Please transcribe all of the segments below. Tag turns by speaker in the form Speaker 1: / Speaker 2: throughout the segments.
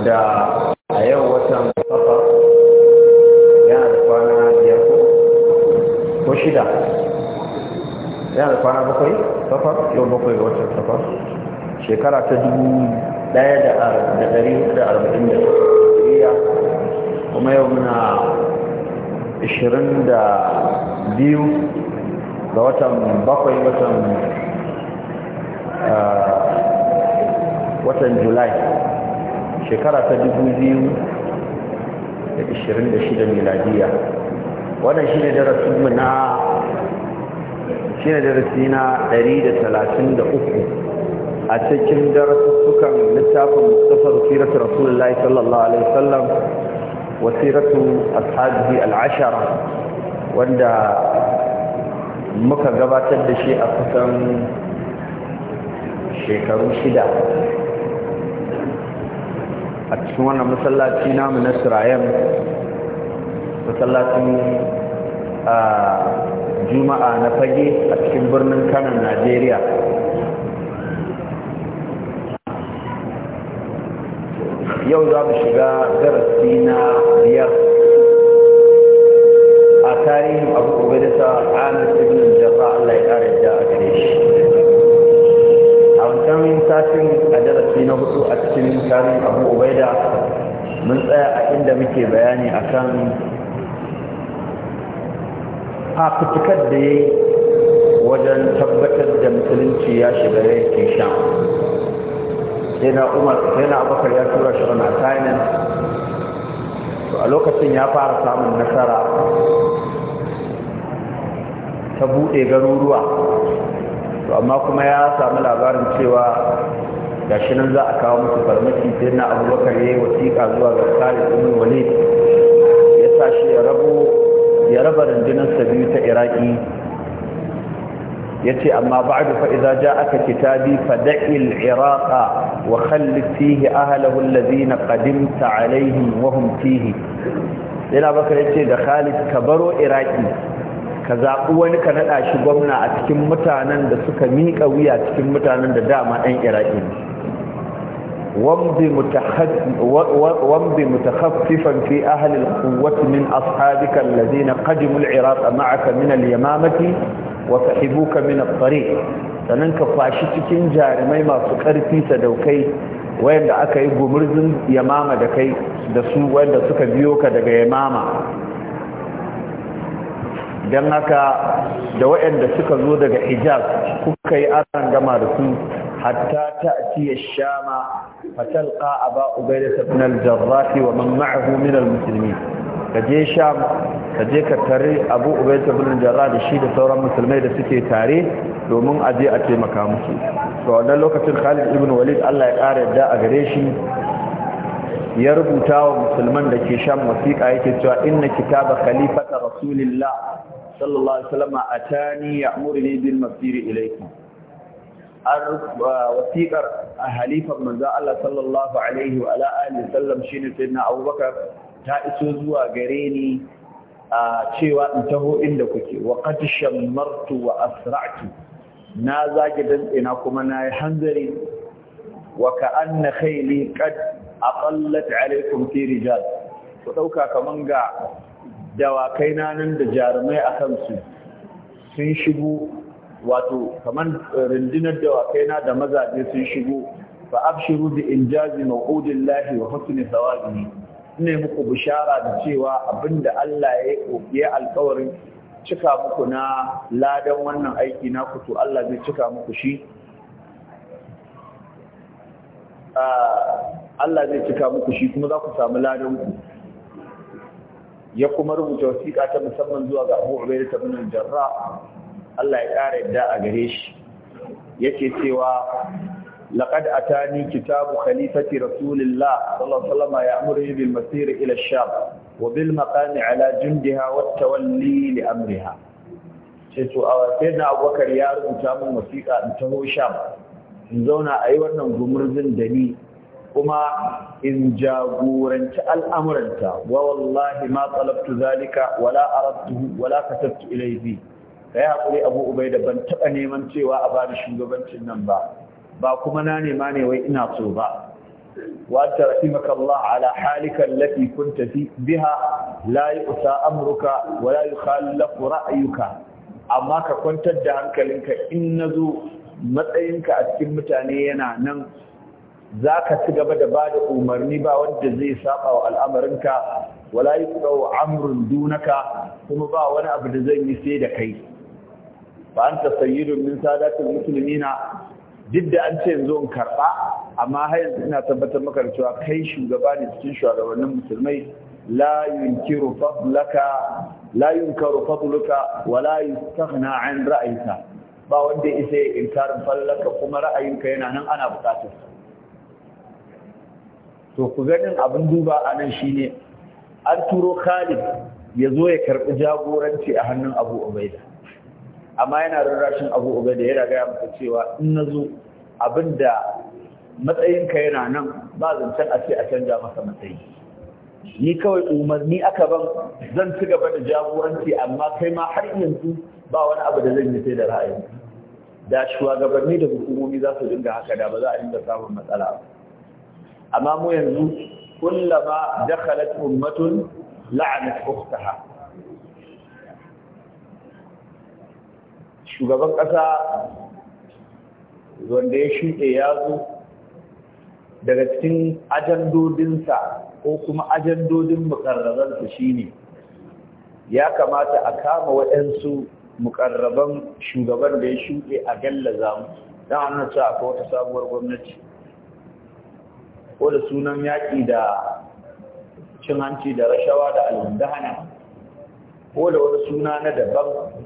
Speaker 1: wanda a yau watan safa yana da kwana biyar ko shida yana da kwana bakwai safa yau bakwai ga watan safa shekara ta dubu daya da dari da arba'in da suriya kuma yau muna ishirin da biyu ga watan bakwai watan ah, watan julai shekara ta 2026 miladiya wannan shi ne darasinmu na shi ne darasi na 133 a cikin darassukan littafin mustafar siratu rasulullahi sallallahu alaihi wasallam wa siratu ashabihi al'ashara wanda muka gabatar da shi a kusan shekaru shida cikin wannan masallaci namu na sirayen masallacin a juma'a na fage a cikin birnin kano najeriya yau za mu shiga darasi na biyar a tarihin abu sa anas ibn jaba allah ya kare da a gare shi a wancan satin a darasi na hudu a cikin tarihin abu ubaida mun tsaya a inda muke bayani akan fafutukar da ya yi wajen tabbatar da musulunci ya shiga yankin sha sai na umar sai abokar ya tura shi wani assignment to a lokacin ya fara samun nasara ta buɗe garuruwa to amma kuma ya samu labarin cewa gashi nan za a kawo musu farmaki sai na abubakar ya yi wasiƙa zuwa ga khalid ibn walid ya sa shi ya rabo ya raba rundunarsa biyu ta iraki ya ce amma ba'du fa idza ja'aka kitabi fada'i al-iraqa wa khallif fihi ahlihi alladhina qadimta alaihim wa hum fihi yana yace da Khalid ka baro iraki ka zaɓi wani ka naɗa shi gwamna a cikin mutanen da suka miƙa wuya cikin mutanen da dama ɗan iraki ne wambi mutakhaffifan fi ahli al-quwwati min ashabika alladhina qadimu al-iraq ma'aka min al-yamamati wa sahibuka min at-tariq sanan ka fashi cikin jarumai masu karfi ta daukai wanda aka yi gumurzin yamama da kai da su wanda suka biyo ka daga yamama dan haka da wayanda suka zo daga hijaz kuka yi aran gama da su hatta ta'tiya shama فتلقى أبا أبيدة بن الجراح ومن معه من المسلمين kaje sham kaje ka tare abu ubayd ibn jarrah da shi da sauran musulmai da suke tare domin a je a taimaka musu to wannan lokacin Khalid ibn Walid Allah ya kare da a gare shi ya rubuta wa musulman da ke sham wasiqa yake cewa inna kitaba khalifata rasulillah sallallahu alaihi wasallam atani ya'muruni bil masir ilaykum an uh, wasiƙar a halifan manzo Allah sallallahu alaihi wa alihi sallam shine sayyidina Abubakar ta iso zuwa gare ni a uh, cewa in taho inda kuke wa qad shammartu wa asra'tu na zage dan ina kuma yi hanzari wa ka'anna khayli qad aqallat alaikum fi rijal ku dauka kaman ga dawakai na nan da jarumai akan su sun shigo wato kamar eh, rundunar kaina da mazaje sun shigo fa abshiru bi injazi ma'udillahi wa husni thawabihi ne muku bishara da cewa abinda Allah ya yi alkawarin cika muku na ladan wannan aiki na kuto Allah zai cika muku shi ah, Allah zai cika muku shi kuma za ku samu ladan ku ya kuma rubuta wasiƙa ta musamman zuwa ga Abu Ubaida ibn Jarrah Allah ya ƙara yadda a gare shi yake cewa laqad atani kitabu khalifati rasulillah sallallahu alaihi wasallam ya'muru bil masir ila ash-sham wa bil maqami ala jundiha wa tawalli li amriha sai to a sayyidina Abubakar ya rubuta min wasiƙa in taho sham in zauna ayi wannan gumurzin da ni kuma in jagoranci al'amuranta wa wallahi ma talabtu zalika wala aradtuhu wala katabtu ilayhi Ka ya kuri abu ubai da ban taɓa neman cewa a bani shugabancin nan ba ba kuma na nema ne wai ina so ba wata rafi makalla ala halikan lafi kun tafi biha layi usa amurka wa layi kallafu ra'ayuka amma ka kwantar da hankalinka in na zo matsayinka a cikin mutane yana nan za ka ci gaba da ba da umarni ba wanda zai saba wa al'amarinka wala yi tsawo amurin dunaka kuma ba wani abu da zan yi sai da kai ba an ta sayyidun min sadatul na. duk da an ce yanzu in karɓa amma har yanzu ina tabbatar maka da cewa kai shugaba ne cikin shugabannin musulmai la yunkiru fadlaka la yunkaru fadluka wa la yastaghna an ra'ayka ba wanda isa ya inkar fallaka kuma ra'ayinka yana nan ana buƙatar. to ku ganin abin duba anan nan shine an turo Khalid ya zo ya karɓi jagoranci a hannun Abu Ubaida amma yana rarrashin abu uba da yana ya masa cewa in na zo abinda matsayinka yana nan ba zancen a ce a canja masa matsayi ni kawai umarni aka ban zan ci gaba da jagoranci amma kai ma har yanzu ba wani abu da zan yi sai da ra'ayi da shugabanni da hukumomi za su dinga haka da ba za a dinga samun matsala ba amma mu yanzu kullama dakhalat ummatun la'anat ukhtaha shugaban ƙasa wanda ya shuɗe ya zo daga cikin ajandodinsa ko kuma ajandodin mukarrabansa shine ya kamata a kama waɗansu mukarraban shugaban da ya shuɗe a gallaza mu don hannun sa akwai wata sabuwar gwamnati ko da sunan yaƙi da cin hanci da rashawa da alhundahana ko da wani suna na daban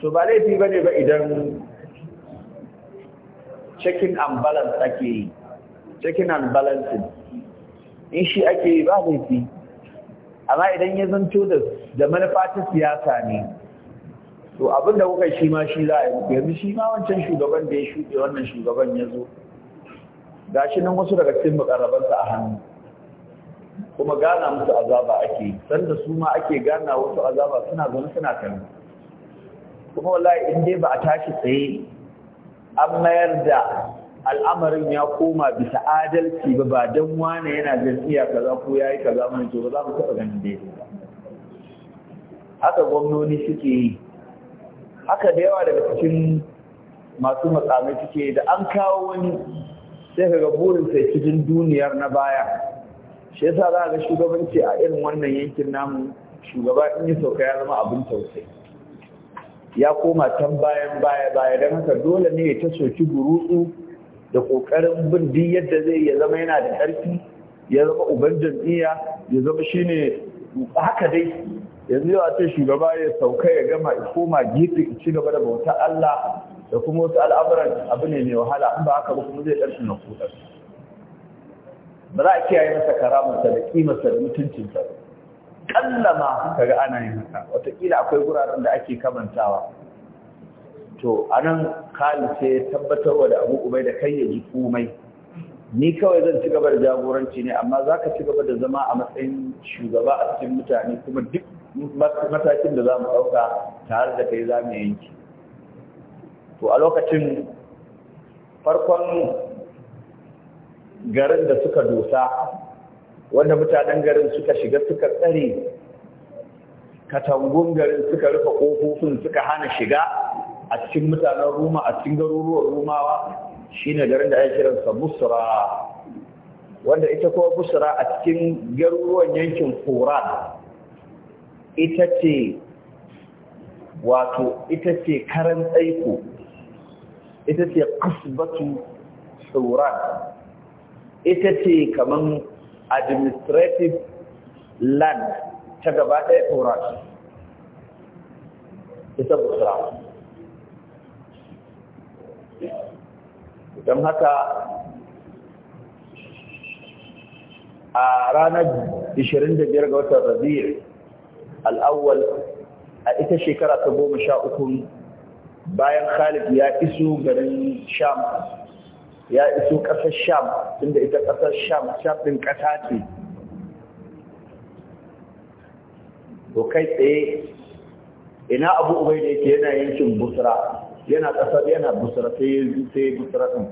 Speaker 1: to ba laifi ba ne ba idan checking and balance ake yi checking and balancing in shi ake yi ba laifi amma idan ya zanto da da manufa ta siyasa ne to abin da kuka shi ma shi za a yi yanzu shi ma wancan shugaban da ya shuɗe wannan shugaban ya zo ga shi nan wasu daga cikin mukarrabansa a hannu kuma gana musu azaba ake sanda su ma ake gana wasu azaba suna zaune suna kallo kuma wallahi in dai ba a tashi tsaye an mayar da al'amarin ya koma bisa adalci ba ba don wane yana jam'iyya kaza ko yayi kaza mana to ba za mu taɓa ganin dai haka gwamnoni suke yi haka da yawa daga cikin masu matsamai suke da an kawo wani sai ka ga burin sai cikin duniyar na baya shi yasa za ga shugabanci a irin wannan yankin namu shugaba in yi sauka ya zama abin tausayi ya koma can bayan baya baya don haka dole ne ya ta soki burutsu da ƙoƙarin bin duk yadda zai ya zama yana da ƙarfi ya zama uban jam'iyya ya zama shine haka dai yanzu yau a ce shugaba ya sauka ya gama ya koma gefe ya ci gaba da bautar Allah da kuma wasu al'amuran abu ne mai wahala in ba haka ba kuma zai ɗarsu na kudar ba za a kiyaye masa karamarsa da kimarsa da mutuncinsa kallama kaga ana yin haka wataƙila akwai guraren da ake kamantawa to anan khalid sai tabbatarwa da abu ubai da kai ya ji komai ni kawai zan ci gaba da jagoranci ne amma za ka ci gaba da zama a matsayin shugaba a cikin mutane kuma duk matakin da zamu mu ɗauka tare da kai za mu yanki to a lokacin farkon garin da suka dosa wanda mutanen garin suka shiga suka tsare katangun garin suka rufe ƙofofin suka hana shiga a cikin mutanen ruma a cikin garuruwan rumawa shine garin da ake kiransa busra wanda ita kuma busra a cikin garuruwan yankin Quran, ita ce wato ita ce karan tsaiko ita ce kasbatu tsoron ita ce kaman administrative land ta gaba ɗaya taurat ita busra don haka a ranar 25 ga watan rabi'u al'awwal a ita shekara ta goma sha uku bayan khalid ya iso garin sham ya iso ƙasar sham inda ita ƙasar sham sham ɗin ƙasa ce to kai tsaye ina abu ubai da yake yana yankin busra yana ƙasar yana busra sai ya sai busra ɗin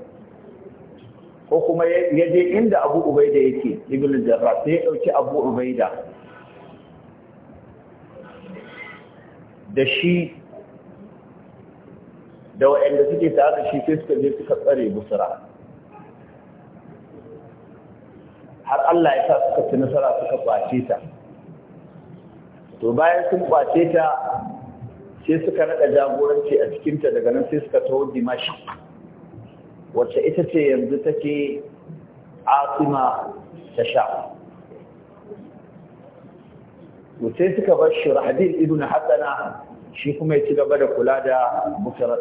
Speaker 1: ko kuma ya je inda abu ubai da yake ibilin jarra sai ya ɗauki abu ubai da da shi da waɗanda suke tare da shi sai suka je suka tsare busra har Allah ya sa suka ci nasara suka kwace ta to bayan sun kwace ta sai suka naɗa jagoranci a cikinta daga nan sai suka taho dimashi wacce ita ce yanzu take asima ta sha sai suka bar shirahadin ibn hassana shi kuma ya ci gaba da kula da mutara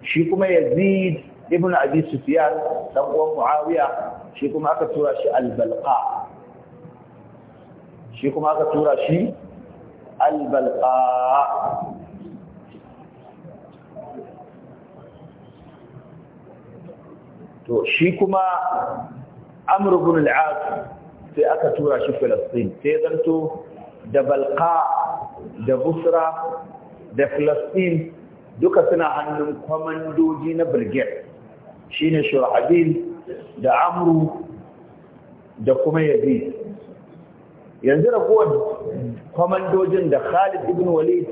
Speaker 1: shi kuma yazid ibn abi sufyan dan uwan muawiya shi kuma aka tura shi albalqa, shi kuma aka tura shi albalqa, to shi kuma amr ibn al-aas sai aka tura shi filastin sai zanto da balqa da busra da filastin duka suna hannun kwamandoji na brigade shine shurhabil da amru da kuma yabi yanzu ragowar kwamandojin da khalid ibn walid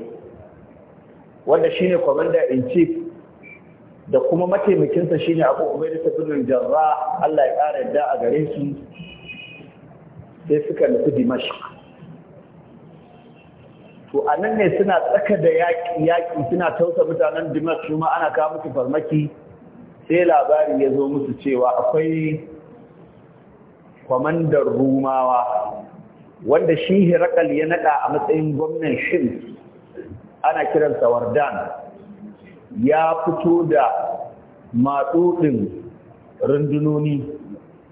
Speaker 1: wanda shine commander in chief da kuma mataimakinsa shine abu umair ibn jarrah Allah ya kara yadda a gare su sai suka nufi dimashq to anan ne suna tsaka da yaki yaki suna tausa mutanen dimashq kuma ana kawo musu farmaki sai labari ya zo musu cewa akwai kwamandan rumawa wanda shi hirakal ya naɗa a matsayin gwamnan shin ana kiransa wardan ya fito da matsudin rundunoni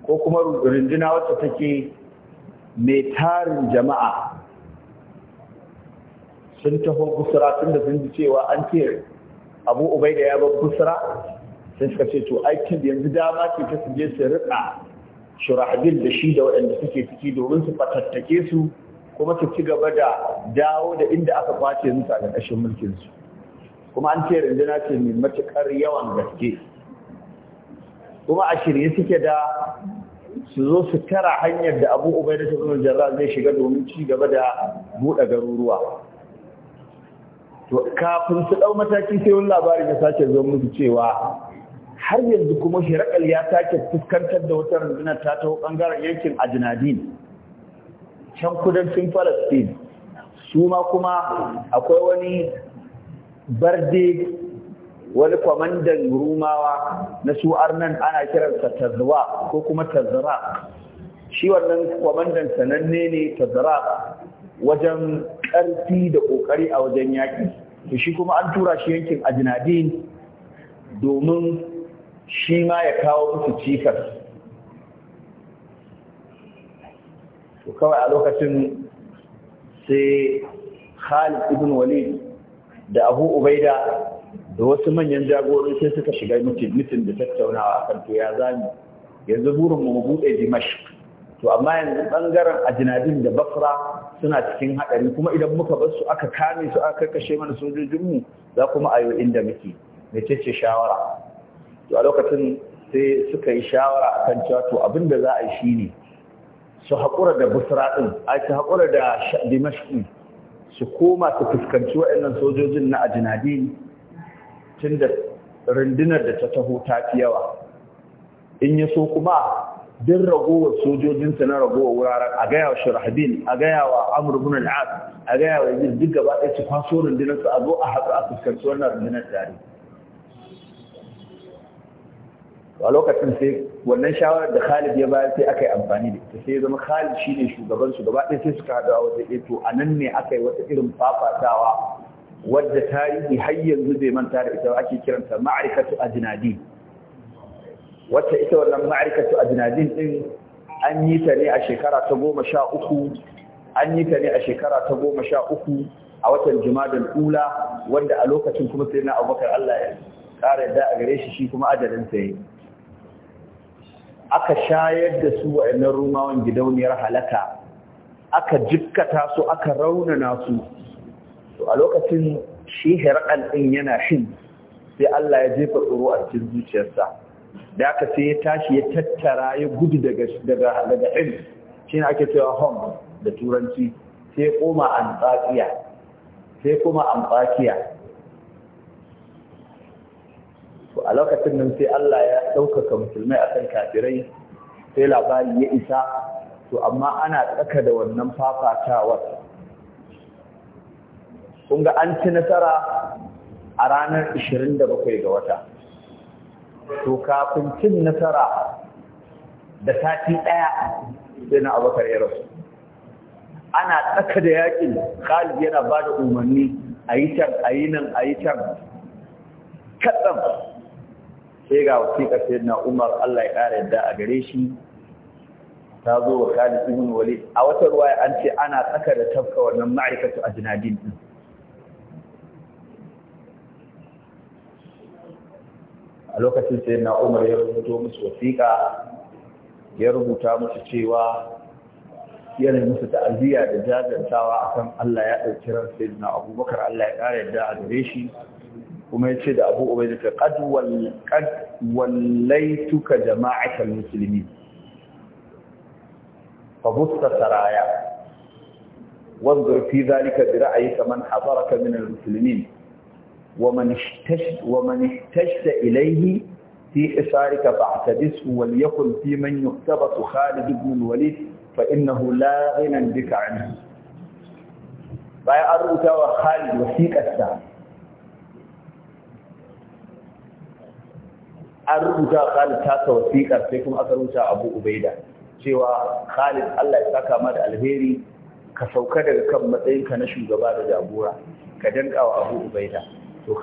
Speaker 1: ko kuma runduna wacce take mai tarin jama'a sun taho busra tun da sun ji cewa an ce abu ubaida ya bar busra sai suka ce to aikin da yanzu dama ce ta su je su riƙa shura'adin da shi da waɗanda suke ciki domin su fatattake su kuma su ci gaba da dawo da inda aka kwace musu a ƙarƙashin mulkinsu kuma an ce rundunar ce mai matuƙar yawan gaske kuma a shirye suke da su zo su tara hanyar da abu ubai da tafiya jarra zai shiga domin ci gaba da buɗe garuruwa to kafin su ɗau mataki sai wani labari ya sace zo musu cewa har yanzu kuma shirakal ya sake fuskantar da wata rundina ta taho bangaren yankin ajinadin can kudancin palestine su ma kuma akwai wani barde wani kwamandan rumawa na su arnan ana kiransa tazwa ko kuma tazra shi wannan kwamandan sananne ne tazra wajen ƙarfi da ƙoƙari a wajen yaƙi to shi kuma an tura shi yankin ajinadin domin shi ma ya kawo musu cikas to kawai a lokacin sai Khalid ibn Walid da Abu Ubaida da wasu manyan jagorori sai suka shiga mutum da tattaunawa akan to ya zami yanzu burin mu bude Dimash. to amma yanzu bangaren ajinadin da bafra suna cikin hadari kuma idan muka bar aka kame su aka kashe mana sojojin mu za kuma ayo inda muke mecece shawara a lokacin sai suka yi shawara a kan cewa to abinda za a yi shi ne su haƙura da busra ɗin a su haƙura da dimashki su koma su fuskanci waɗannan sojojin na ajinadin tun da rundunar da ta taho ta fi yawa in ya so kuma din ragowar sojojinsa na ragowar wuraren a gaya wa shirhabin a gaya wa amur al'ad a gaya wa yanzu duk gaba ɗaya su kwaso rundunar su a zo a haɗu a fuskanci wannan rundunar tare a lokacin sai wannan shawarar da Khalid ya bayar sai aka yi amfani da ita sai ya zama Khalid shi ne shugaban su gaba ɗaya sai suka haɗa wata to a nan ne aka yi wata irin fafatawa wadda tarihi har yanzu bai manta da ita ake kiranta ma'arikatu ajnadi wacce ita wannan ma'arikatu ajnadin din an yi ta ne a shekara ta goma sha uku an yi ta ne a shekara ta goma sha uku a watan jumadan ula wanda a lokacin kuma sai na abubakar allah ya ƙara yadda a gare shi shi kuma adadin sa yi aka shayar da su wa'annan rumawan gidauniyar halaka aka jikkata su aka raunana su to a lokacin shi her'al din yana shin sai Allah ya jefa tsoro a cikin zuciyarsa da aka sai ya tashi ya tattara ya gudu daga daga shi ne ake cewa home da turanci sai koma tsakiya sai koma tsakiya a lokacin nan sai Allah ya ɗaukaka musulmai a kan kafirai sai labari ya isa to amma ana tsaka da wannan fafatawar kun ga an ci nasara a ranar 27 ga wata to kafin cin nasara da sati ɗaya sai na abokar ya rasu ana tsaka da yakin khalid yana ba da umarni a yi can a nan a yi can kaɗan sai ga wasiƙar sayyidina Umar Allah ya ƙara yadda a gare shi ta zo wa Khalid ibn Walid a wata ruwa an ce ana tsaka da tafka wannan ma'aikatu a jinadin din a lokacin sayyidina Umar ya rubuto musu wasiƙa ya rubuta musu cewa yana musu ta'aziyya da jajantawa akan Allah ya ɗauki ran Sayyidina Abubakar Allah ya ƙara yadda a gare shi kuma ya ce da abu ubaida ta qad wallaituka jama'atal muslimin fa busta saraya وانظر في ذلك برأيك من حضرك من المسلمين ومن احتشت, ومن احتشت إليه في حصارك فاعتدسه وليكن في من يقتبط خالد بن الوليد فإنه لا غنى بك عنه. باي أرؤتا وخالد وثيق السعي an rubuta Khalid ta wasiƙar sai kuma aka rubuta Abu Ubaida cewa Khalid Allah ya saka ma da alheri ka sauka daga kan matsayinka na shugaba da jagora ka danka wa Abu Ubaida to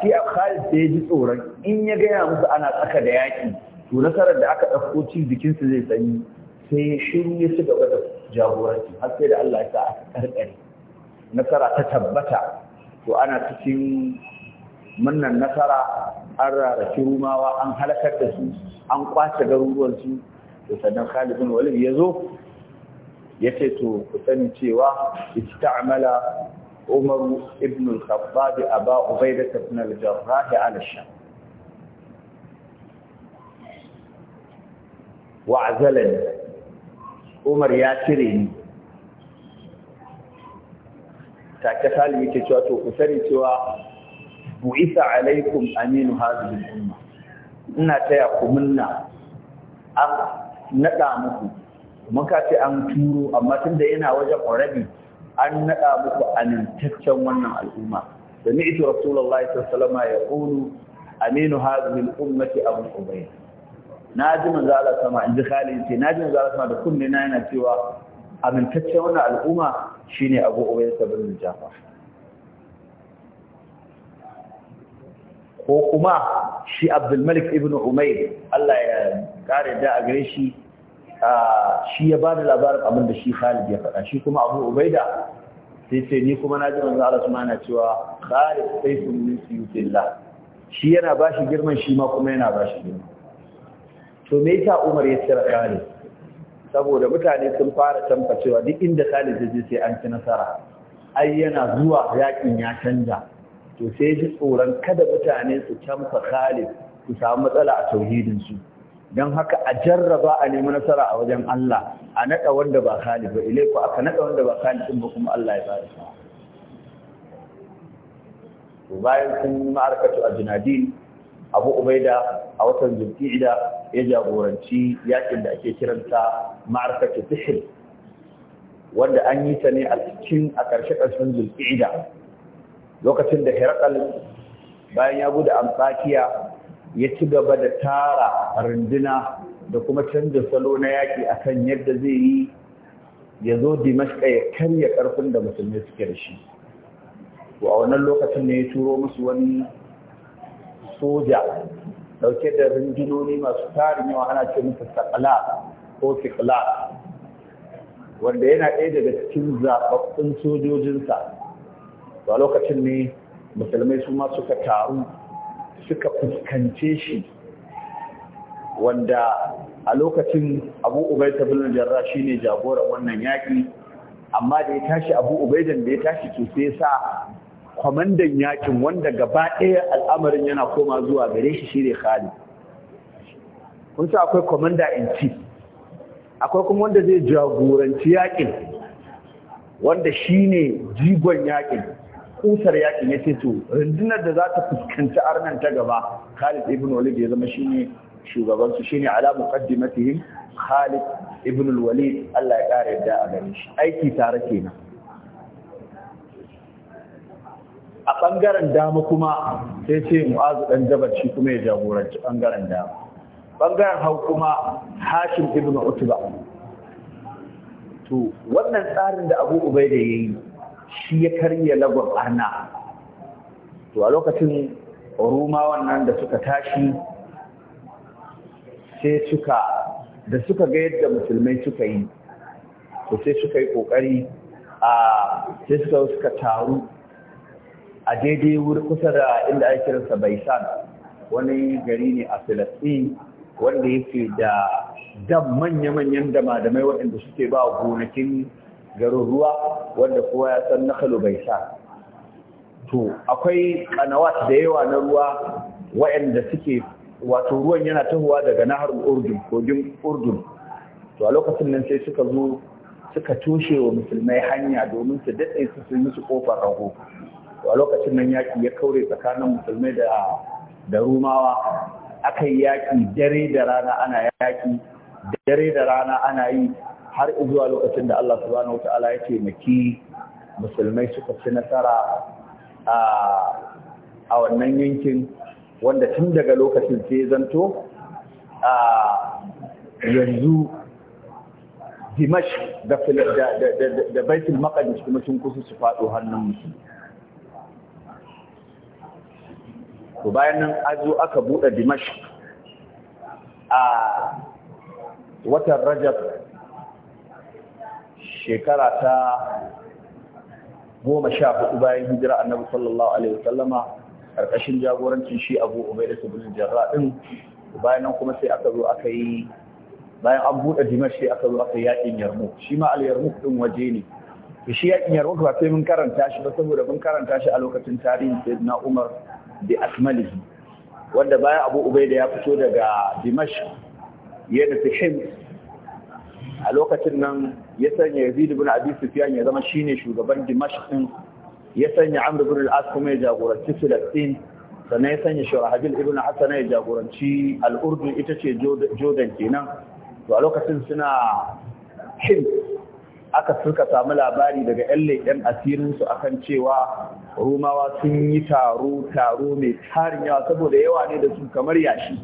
Speaker 1: shi Khalid sai ji tsoron in ya gaya musu ana tsaka da yaƙi to nasarar da aka ɗauko ci su zai sanyi sai ya shiru ya ci gaba da jagoranci har sai da Allah ya sa aka karkare nasara ta tabbata to ana cikin mannan nasara an rarrafi rumawa an halakar da su an kwace garuruwan su to sannan Khalid bin Walid ya zo ya ce to ku sani cewa ista'mala Umar ibn al-Khattab Aba Ubaidah ibn al-Jarrah ala Sham azalan Umar ya cire ni ta take Salim yake cewa to ku sani cewa bu'isa alaikum aminu hadhihi umma ina taya ku munna an ah, nada muku muka ce an turo amma tunda yana wajen already an nada muku amintaccen wannan al'umma sami'tu rasulullahi sallallahu alaihi yaqulu aminu hadhihi ummati abu ubayy naji manzo Allah sama inji Khalid ce naji manzo Allah sama da kunne na yana cewa amintaccen wannan al'umma shine abu ubayy bin Jafar ko kuma shi abdulmalik ibn umair Allah ya kare da a gare shi shi ya ba da labarin abin da shi khalid ya faɗa shi kuma abu ubaida sai ce ni kuma na ji manzo Allah na cewa khalid sayfun min suyutillah shi yana ba shi girman shi ma kuma yana ba shi girman to me yasa umar ya tsira khalid saboda mutane sun fara tambacewa duk inda khalid ya je sai an ci nasara ai yana zuwa yakin ya canja to sai ji tsoron kada mutane su canfa khalif su samu matsala a su. don haka a jarraba a nemi nasara a wajen Allah a naɗa wanda ba khalif ba ilaiku aka naɗa wanda ba khalif ba kuma Allah ya bari to bayan sun ma'arkatu a junadin abu ubaida a watan zulqa'ida ya jagoranci yakin da ake kiranta ma'arkatu sihr wanda an yi ta ne a cikin a ƙarshe karshen zulqa'ida lokacin da herakal bayan ya gudu amsakiya ya ci gaba da tara rinduna, da kuma canza salo na yaƙi a kan yadda zai yi ya zo dimashka ya karya ƙarfin da musulmi suke da shi to a wannan lokacin ne ya turo musu wani soja ɗauke da rundunoni masu tarin yawa ana ce musu sakala ko sikla wanda yana ɗaya daga cikin zaɓaɓɓun sojojinsa ba lokacin ne musulmai su ma suka taru suka fuskance shi wanda a lokacin abu ubaita bin jarra shi jagoran wannan yaƙi amma da ya tashi abu ubaidan da ya tashi ke sai sa kwamandan yakin wanda gaba ɗaya al'amarin yana koma zuwa gare shi shi ne khalid kun sa akwai kwamandan in ci akwai kuma wanda zai jagoranci yakin wanda shine jigon yakin kusar yakin ya ce to rundunar da za ta fuskanci arnan ta gaba Khalid ibn Walid ya zama shine shugaban su shine ala muqaddimatihim Khalid ibn Walid Allah ya kare da a gare shi aiki tare kenan a bangaren dama kuma sai ce Mu'az dan Jabal shi kuma ya jagoranci bangaren dama bangaren hau kuma Hashim ibn Utba to wannan tsarin da Abu Ubaida yayi shi ya karya lagon barna to a lokacin ruma wannan da suka tashi sai suka da suka ga yadda musulmai suka yi to sai suka yi ƙoƙari, a sai suka suka taru a daidai wuri kusa da inda ake kiransa Baisan wani gari ne a Filistin wanda yake da dam manya-manyan dama da mai waɗanda suke ba gonakin garin ruwa wanda kowa ya san nakalu bai sa to akwai kanawat da yawa na ruwa waɗanda suke wato ruwan yana tahowa daga nahar urdun kogin urdun to a lokacin nan sai suka zo suka toshe wa musulmai hanya domin su daɗe su su musu kofar rago to a lokacin nan yaƙi ya kaure tsakanin musulmai da da rumawa aka yi yaƙi dare da rana ana yaƙi dare da rana ana yi har zuwa lokacin da Allah subhanahu wata'ala ya taimaki musulmai suka ci nasara a wannan yankin wanda tun daga lokacin sai zanto a yanzu dimash da baitul maqdis kuma sun kusa su faɗo hannun su, to bayan nan azu aka buɗe dimash a watan rajab shekara ta goma sha hudu bayan hijira annabi sallallahu alaihi wasallama karkashin jagorancin shi abu da ibn jarra din bayan nan kuma sai aka zo aka yi bayan an buɗe dimash sai aka zo aka yi yakin yarmu shi ma al yarmuk waje ne to shi yakin yarmu ba sai mun karanta shi ba saboda mun karanta shi a lokacin tarihin na umar bi akmalihi wanda bayan abu da ya fito daga dimash ya da shi a lokacin nan ya sanya Yazid ibn Abi Sufyan ya zama shine shugaban Dimash din ya sanya Amr ibn al-As kuma ya jagoranci Filistin sannan ya sanya Shurahabil ibn Hassan ya jagoranci al ita ce Jordan kenan to a lokacin suna hin aka suka samu labari daga ƴan leƙen asirinsu akan cewa Rumawa sun yi taro taro mai tarin yawa saboda yawa ne da su kamar yashi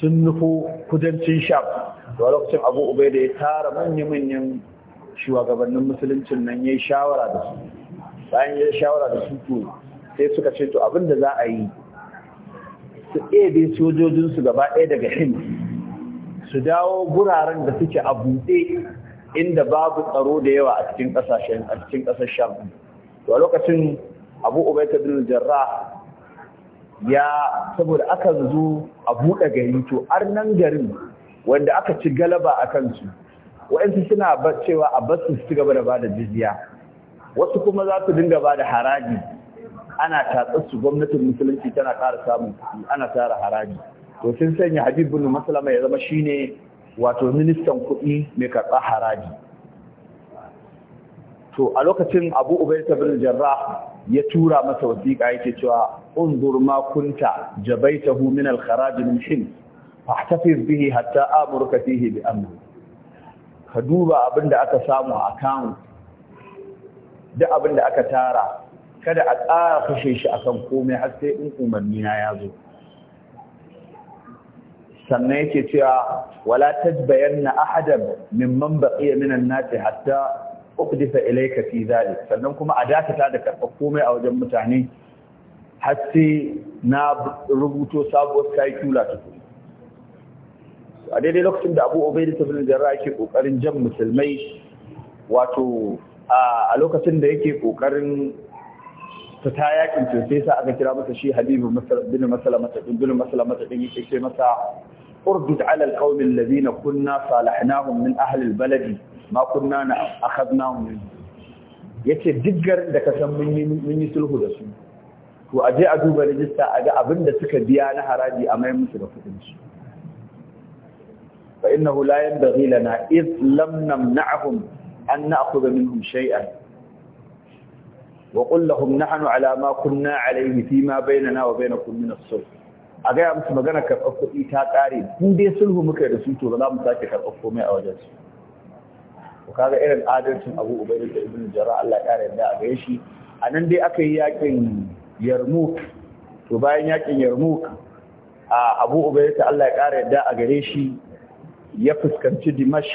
Speaker 1: sun nufo kudancin shafi da lokacin abu da ya tara manya-manyan shugabannin musuluncin nan ya yi shawara da su bayan ya yi shawara da su to sai suka ce to abin da za a yi su ɗebe sojojinsu gaba ɗaya daga hin su dawo guraren da suke a buɗe inda babu tsaro da yawa a cikin ƙasashen a cikin ƙasar sham to a lokacin abu ta bin jarra ya saboda aka zo a buɗe gari to nan garin wanda aka ci galaba a kansu waɗansu suna cewa a basu su gaba da bada jizya wasu kuma za su dinga bada haraji ana tatsar gwamnatin musulunci tana ƙara samun kuɗi ana tara haraji to sun sanya habib bin maslama ya zama shi ne, wato ministan kuɗi mai karɓa haraji to a lokacin abu ta bin jarrah ya tura masa wasiƙa yake cewa unzur ma kunta jabaitahu min al-kharaj min fahtafiz bihi hatta amurka fihi bi amri ka duba abinda aka samu a account duk abinda aka tara kada a ƙara kashe shi akan komai har sai in umarni na ya zo sannan yake cewa wala tajbayanna ahadan mimman baqiya minan nasi hatta uqdifa ilayka fi zalik sannan kuma a dakata da karɓar komai a wajen mutane har sai na rubuto sabuwar kai kula ta kuma a daidai lokacin da abu obaidu ta bin jarra yake kokarin jan musulmai wato a lokacin da yake kokarin ta ta yakin to sai sa aka kira masa shi habibu bin masalamata din bin masalamata din yake ce masa urdud ala alqawmi alladhina kunna salahnahum min ahli albaladi ma kunna na akhadnahum min yace diggar da ka san mun yi sulhu da su to aje a duba rijista a ga abin da suka biya na haraji a mai musu da kudin su In na hulayan dalila na Islam na naxmu an na'a kogin shayar. Waƙulla humna hannu alama kunna a yi mitima bai na nawa bai na kunnu na sau. A gaya musu magana karɓar kuɗi ta kare tun dai muka hau makaranta sun tura za mu sake karɓar komai a wajensu. Ba kaga irin adalcin abu ubaidata, abin da Allah ya ƙara yadda ga shi. A nan dai akayi yakin Yarmuk, ba bayan yakin Yarmuk, abu ubaidata, Allah ya ƙara yadda a ga ya shi. ya fuskanci dimash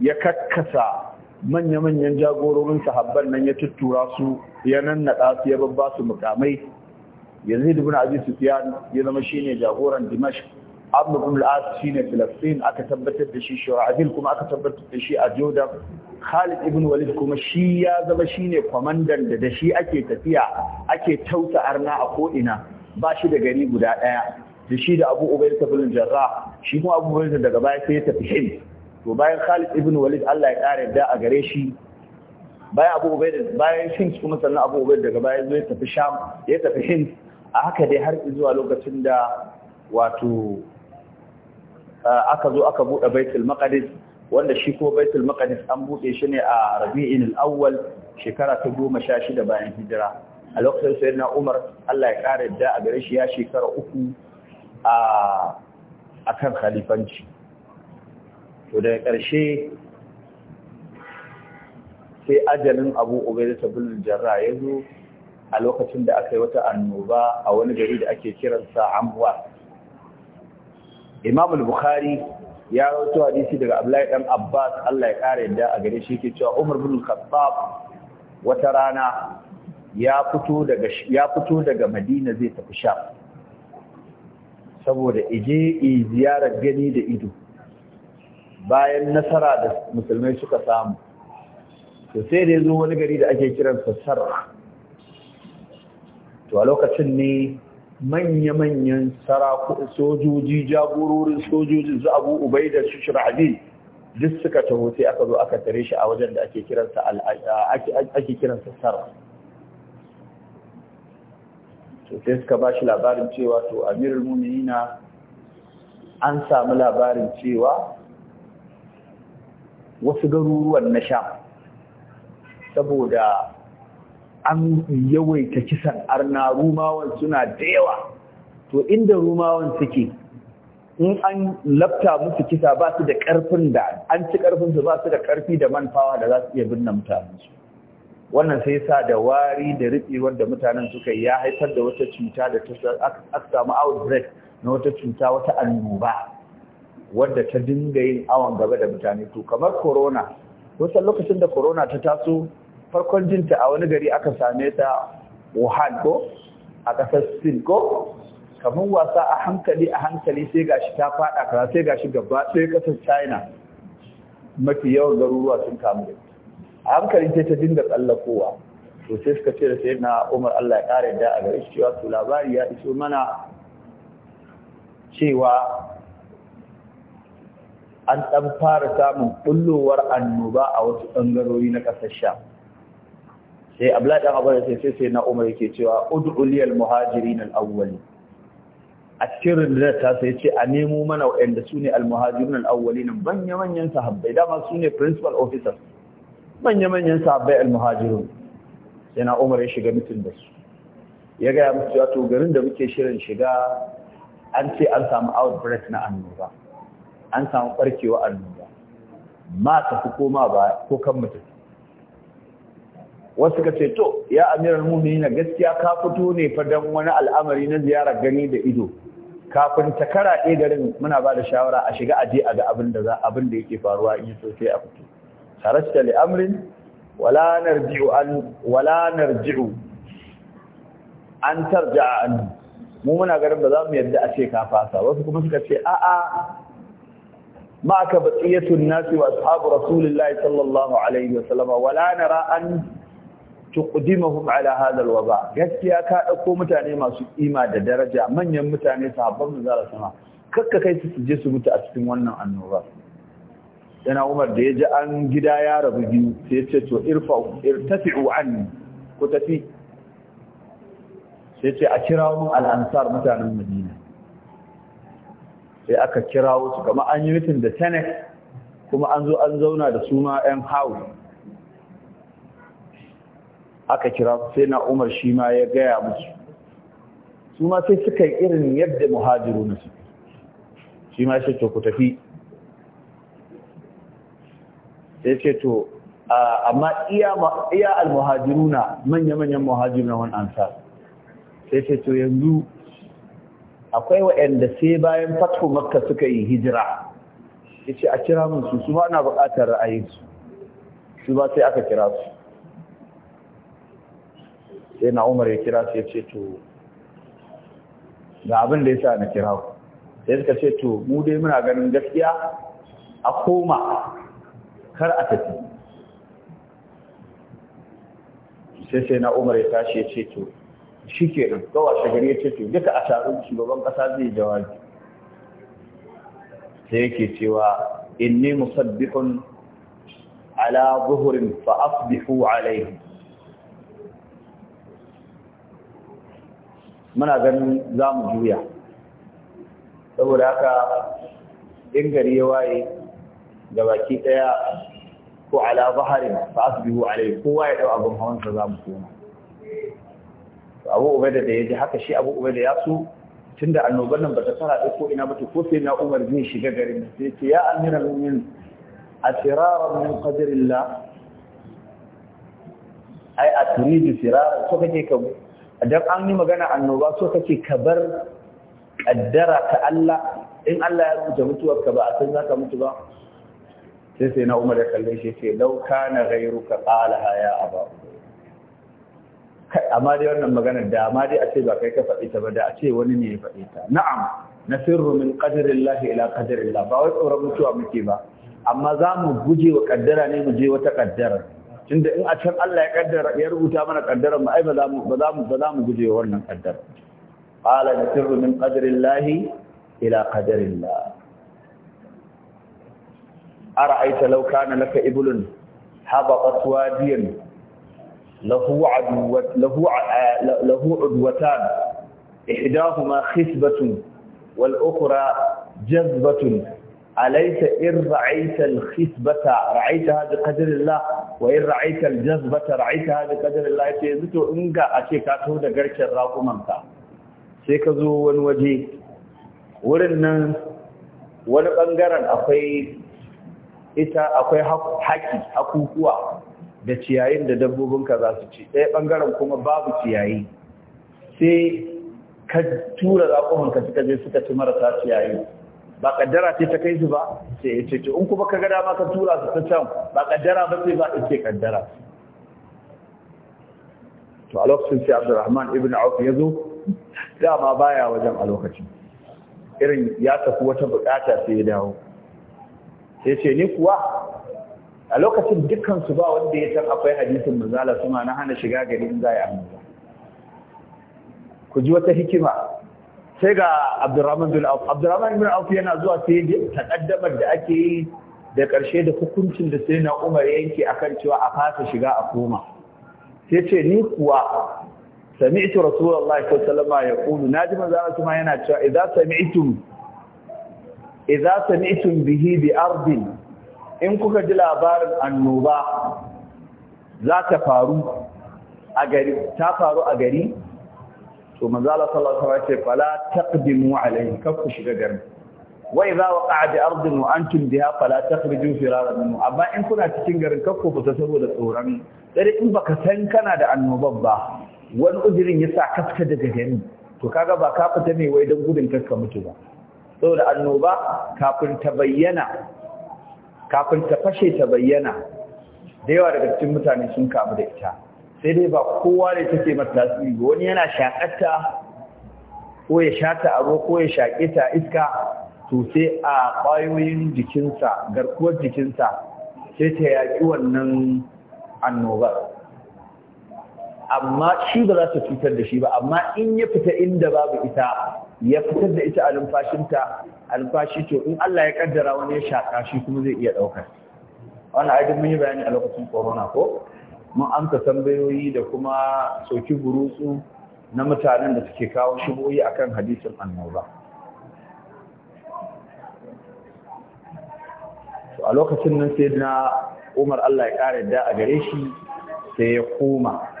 Speaker 1: ya kakkasa manya-manyan jagororin sahabban nan ya tuttura su ya nannaɗa su ya babba su mukamai yazid ibn abi sufyan ya zama ne jagoran dimash abu ibn al-as filastin aka tabbatar da shi shura'il kuma aka tabbatar da shi a jordan khalid ibn walid kuma shi ya zama shine kwamandan da da shi ake tafiya ake tauta arna a ko'ina, ba shi da gari guda ɗaya da shi da Abu Ubayd ibn Jarrah shi kuma Abu Ubayd daga baya sai ya tafi Hind to bayan Khalid ibn Walid Allah ya kare da a gare shi bayan Abu Ubayd bayan Hind kuma sannan Abu Ubayd daga baya zai tafi Sham ya tafi Hind a haka dai har zuwa lokacin da wato aka zo aka bude Baitul Maqdis wanda shi ko Baitul Maqdis an bude shi ne a Rabi'in al-Awwal shekara ta goma sha shida bayan hijira a lokacin Sayyidina Umar Allah ya kare da a gare shi ya shekara uku a kan khalifanci to daga ƙarshe sai ajalin abu ubaida tabulun jarra ya zo a lokacin da aka yi wata annoba a wani gari da ake kiransa amwa imam al-bukhari ya rawaito hadisi daga abdullahi dan abbas Allah ya kare da a gare shi yake cewa umar bin khattab wata rana ya fito daga ya fito daga madina zai tafi sham saboda ije ziyarar gani da ido bayan nasara da musulmai suka samu to sai da zo wani gari da ake kiransa sarra to a lokacin ne manya-manyan sojoji jagororin sojoji su abu ubai da su shirabi duk suka taho sai aka zo aka tare shi a wajen da ake kiransa sarra to sai suka ba shi labarin cewa to amirul muminina an samu labarin cewa wasu garuruwan na sha. saboda an yawaita kisan arna rumawan suna da yawa to inda rumawan suke in an lafta musu kisa ba su da ƙarfin da an ci ƙarfinsu ba su da ƙarfi da manfawa da za su iya binne mutanensu wannan sai sa da wari da riɓi wanda mutanen suka yi ya haifar da wata cuta da ta samu outbreak na wata cuta wata annoba wadda ta dinga yin awon gaba da mutane to kamar corona wasan lokacin da corona ta taso farkon jinta a wani gari aka same ta Wuhan ko a ƙasar Sin ko kamar wasa a hankali a hankali sai gashi ta faɗa kaza sai gashi gaba sai ƙasar China mafi yawan garuruwa sun kamu a hankali ce ta dinga tsallakowa to sai suka ce da sai na umar Allah ya ƙara yadda a gare cewa to labari ya iso mana cewa an ɗan fara samun ɓullowar annoba a wasu ɓangarori na ƙasar sha sai abdullahi ɗan abu da sai sai sai na umar yake cewa ud'uliyal muhajiri al-awwali a cikin rundunar ta sai ce a nemo mana waɗanda su ne al-muhajirin al-awwali nan manya-manyan sahabbai dama su ne principal officers manya-manyan sahabbai almuhajirun yana umar ya shiga mutum da su ya gaya musu ya to garin da muke shirin shiga an ce an samu outbreak na annoba an samu barkewa annoba ma tafi koma ba ko kan mutum wasu ka ce to ya mummi na gaskiya ka fito ne fa wani al'amari na ziyarar gani da ido kafin ta karaɗe garin muna ba da shawara a shiga aje a ga abin da yake faruwa in yi sosai a fito kharajta li amrin wala narji'u an mu muna garin ba za mu yadda ace ka fasa wasu kuma suka ce a a ma ka baqiyatun nasi wa ashabu rasulillahi sallallahu alaihi wa sallama wala nara an tuqdimuhum ala hadha alwaba gaskiya ka dauko mutane masu kima da daraja manyan mutane sahabban manzara sama kakka kai su je su mutu a cikin wannan annoba yana umar da ya ji an gida ya rabu biyu sai ya ce to irtafi'u anni ku tafi sai ce a kirawo al'ansar mutanen madina sai aka kirawo su kama an yi mitin da senate kuma an zo an zauna da su ma 'yan hawi aka kira sai na umar shi ma ya gaya musu su ma sai suka yi irin yadda muhajiru na su shi ma shi ku tafi sai ce to amma iya almuhajiruna manya-manyan muhajiruna wani ansar sai ce to yanzu akwai waɗanda sai bayan fatho makka suka yi hijira ce a kira musu su ba na buƙatar ra'ayinsu su Su ba sai aka kira su sai na umar ya kira su ya ce to ga abin da ya sa na kira su sai suka ce to mu dai muna ganin gaskiya a koma kar a tafi sai sai na umar ya tashi ya ce to shi ke nan gawa shagari ya ce to duka a taron shugaban kasa zai jawabi sai yake cewa inni musabbihun ala zuhurin fa asbihu alaihi muna ganin za mu juya saboda haka in gari ya waye ga baki daya ko ala zaharin fa asbihu alai kowa ya dau abin hawan sa zamu koma Abu Ubaida da yaji haka shi Abu Ubaida ya so tunda annobar nan bata fara da ko ina bata ko sai na Umar zai shiga garin sai ce ya amiral mu'min atiraran min qadrillah ai aturidu firara so kake ka dan an yi magana annoba so kake ka bar kaddara ta Allah in Allah ya rubuta mutuwar ka ba a san zaka mutu ba sai sai na umar ya kalle shi ce lau kana ghairuka qalaha ya aba kai amma dai wannan magana da amma dai a ce ba kai ka faɗi ta ba da a ce wani ne ya faɗi ta na'am na sirru min qadarillahi ila qadarillah ba wai tsoron mutuwa muke ba amma za mu guje wa kaddara ne mu je wata kaddara tunda in a can Allah ya kaddara ya rubuta mana kaddara mu ai ba za mu ba za mu ba za mu guje wa wannan kaddara qala sirru min qadarillahi ila qadarillah ara'aita law kana laka iblun habaqat wadiyan lahu adu wa lahu lahu udwatan ihdahuma khisbatun jazbatun alaysa ir'aita al khisbata ra'aitaha bi qadri allah wa jazbata ra'aitaha bi qadri allah sai in ga ace ka so da garken rakumanka sai ka zo wani waje wurin nan wani bangaren akwai ita akwai haƙi hakukuwa da ciyayin da dabbobinka za su ci ɗaya ɓangaren kuma babu ciyayi sai ka tura zaƙuhanka suka je suka ci marasa ciyayi ba kaddara ce ta kai su ba sai ya ce to in kuma ka ga dama ka tura su ta can ba kaddara ba sai ba ce kaddara to a lokacin sai Abdulrahman ibn Auf ya zo dama baya wajen a lokacin irin ya tafi wata bukata sai ya dawo sai ce ni kuwa a lokacin su ba wanda ya san akwai hadisin manzala suma na hana shiga gari in za a yi annoba ku ji wata hikima sai ga abdurrahman bin auf abdurrahman bin auf yana zuwa sai takaddamar da ake yi da ƙarshe da hukuncin da sai na umar yanke akan cewa a fasa shiga a koma sai ce ni kuwa sami'tu rasulullahi sallallahu alaihi wasallam ya qulu naji manzala suma yana cewa idza sami'tum idza sami'tum bihi bi ardin in kuka ji labarin annoba za ta faru a gari ta faru a gari to manzo Allah sallallahu alaihi wasallam ce fala taqdimu alaihi kafu shiga garin wa idza waqa'a bi ardin wa antum biha fala takhruju firaran minhu amma in kuna cikin garin kafu ku ta saboda tsoron sai in baka san kana da annoban ba wani ujirin ya sa kafka daga gari to kaga ba ka fita ne wai don gudun kakka mutu ba saboda annoba kafin ta bayyana kafin ta fashe ta bayyana da yawa daga cikin mutane sun kamu da ita sai dai ba kowa ne take mata tasiri ba wani yana shakatta ko ya shata abu ko ya shaƙe ta iska to sai a ƙwayoyin jikinsa garkuwar jikinsa sai ta yaƙi wannan annobar amma shi ba za ta cutar da shi ba amma in ya fita inda babu ita ya fitar da ita a numfashinta alfashi to in Allah ya kaddara wani ya shaka shi kuma zai iya ɗaukar wannan ai mun yi bayani a lokacin corona ko mun amsa tambayoyi da kuma soki burutsu na mutanen da suke kawo shigoyi kan hadisin annoba a lokacin nan sai na Umar Allah ya ƙara da a gare shi sai ya koma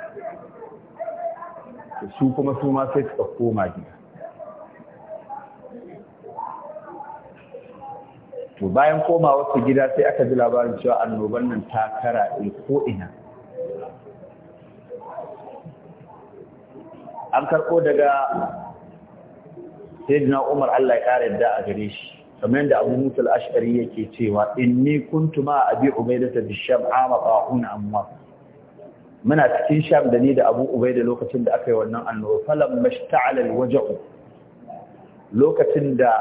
Speaker 1: su kuma su ma sai suka koma gida
Speaker 2: to bayan koma wasu
Speaker 1: gida sai aka ji labarin cewa annoban nan ta kara ko ina an karɓo daga sayyidina Umar Allah ya kare da a gare shi kamar yadda Abu Musa al-Ash'ari yake cewa inni kuntuma abi ubaidata bi Sham ama amma muna cikin sham da ni da abu ubai da lokacin da aka yi wannan annoba falan mashta'ala alwaja'u lokacin da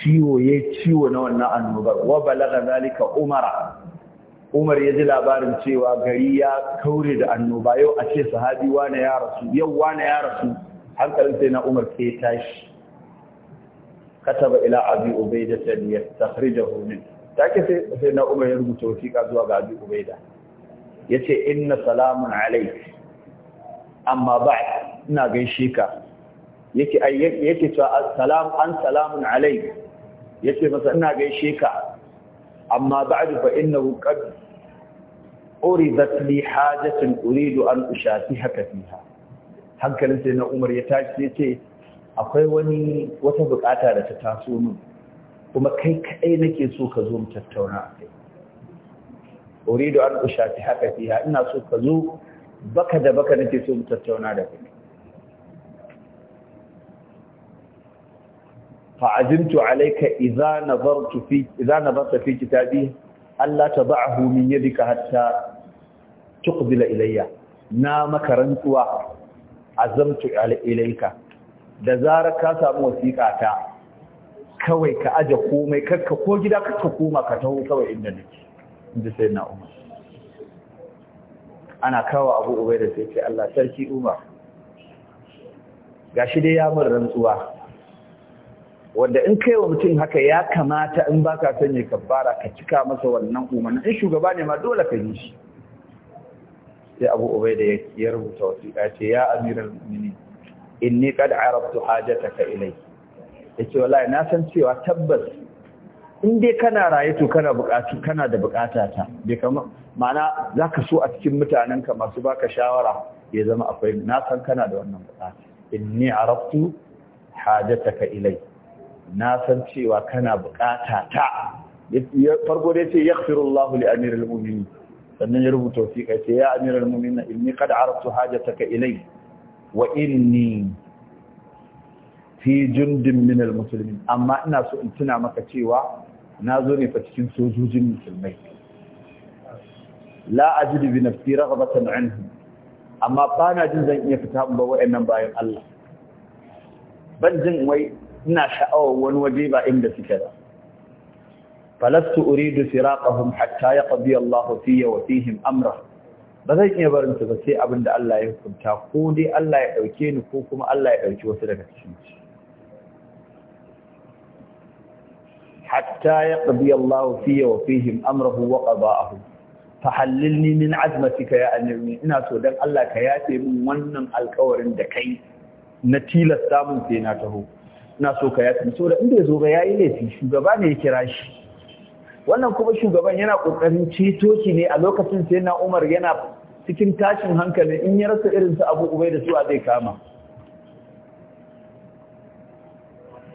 Speaker 1: ciwo ya ciwo na wannan annobar wa balaga zalika umara umar ya ji labarin cewa gari ya kaure da annoba yau a ce sahabi wane ya rasu yau wane ya rasu hankalin sai na umar ke tashi kataba ila abi da ta liyastakrijahu min take sai sai na umar ya rubuta wasiƙa zuwa ga abi da. yace inna salamun Alai amma ba'd ina gaishe ka yake yake an salamun alayk yace masa ina gaishe ka amma ba'd fa innahu qad uridat li hajatin uridu an ushatihaka fiha hankalin sai na Umar ya tashi yace akwai wani wata bukata da ta taso min kuma kai kaɗai nake so ka zo mu tattauna a kai uridu an ushati haka fiha ina so ka zo baka da baka nake so mutattauna tattauna da kai fa ajintu alayka idza nazartu fi idza nazartu fi kitabi alla tad'ahu min yadika hatta tuqbila ilayya na makarantuwa azamtu Alayka. da zara ka samu wasiƙata kawai ka aje komai karka ko gida karka koma ka taho kawai inda nake da sai na umar ana kawo abu ubai da sai ce Allah sarki umar gashi dai ya rantsuwa wanda in kai wa mutum haka ya kamata in baka son ya kabbara ka cika masa wannan umarni in shugaba ne ma dole ka yi shi sai abu ubai da ya rubuta ya ce ya amiral mu'minin inni qad arabtu hajataka ilai yace wallahi na san cewa tabbas in dai kana raye to kana bukatu kana da bukata ta bai kama ma'ana zaka so a cikin mutanen ka masu baka shawara ya zama akwai na san kana da wannan bukata inni araftu hajataka ilai na san cewa kana bukata ta farko dai ce yaghfirullahu li amiril mu'minin sannan ya rubuta wasiƙa ce ya amiral mu'minin inni qad araftu hajataka ilai wa inni fi jundin minal musulmin amma ina so in tuna maka cewa na zo ne fa cikin sojojin musulmai la ajidu bi nafsi raghbatan anhu amma ba na jin zan iya fita ba wa'annan bayan Allah ban jin wai ina sha'awar wani waje ba inda suke da falastu uridu firaqahum hatta yaqdi Allah fiyya wa fihim amra ba zan iya barin su ba sai abin da Allah ya hukunta ko dai Allah ya dauke ni ko kuma Allah ya dauki wasu daga cikin su hatta yaqdi Allahu fiya wa fihim amrahu wa qada'ahu fahallilni min azmatika ya annabi ina so dan Allah ka yafe min wannan alƙawarin da kai na tilasta mun sai na taho ina so ka yafe min saboda inda yazo ga yayi laifi shugaba ne ya kira shi wannan kuma shugaban yana kokarin citoci ne a lokacin sai na Umar yana cikin tashin hankalin in ya rasa irin su Abu Ubaida su zai kama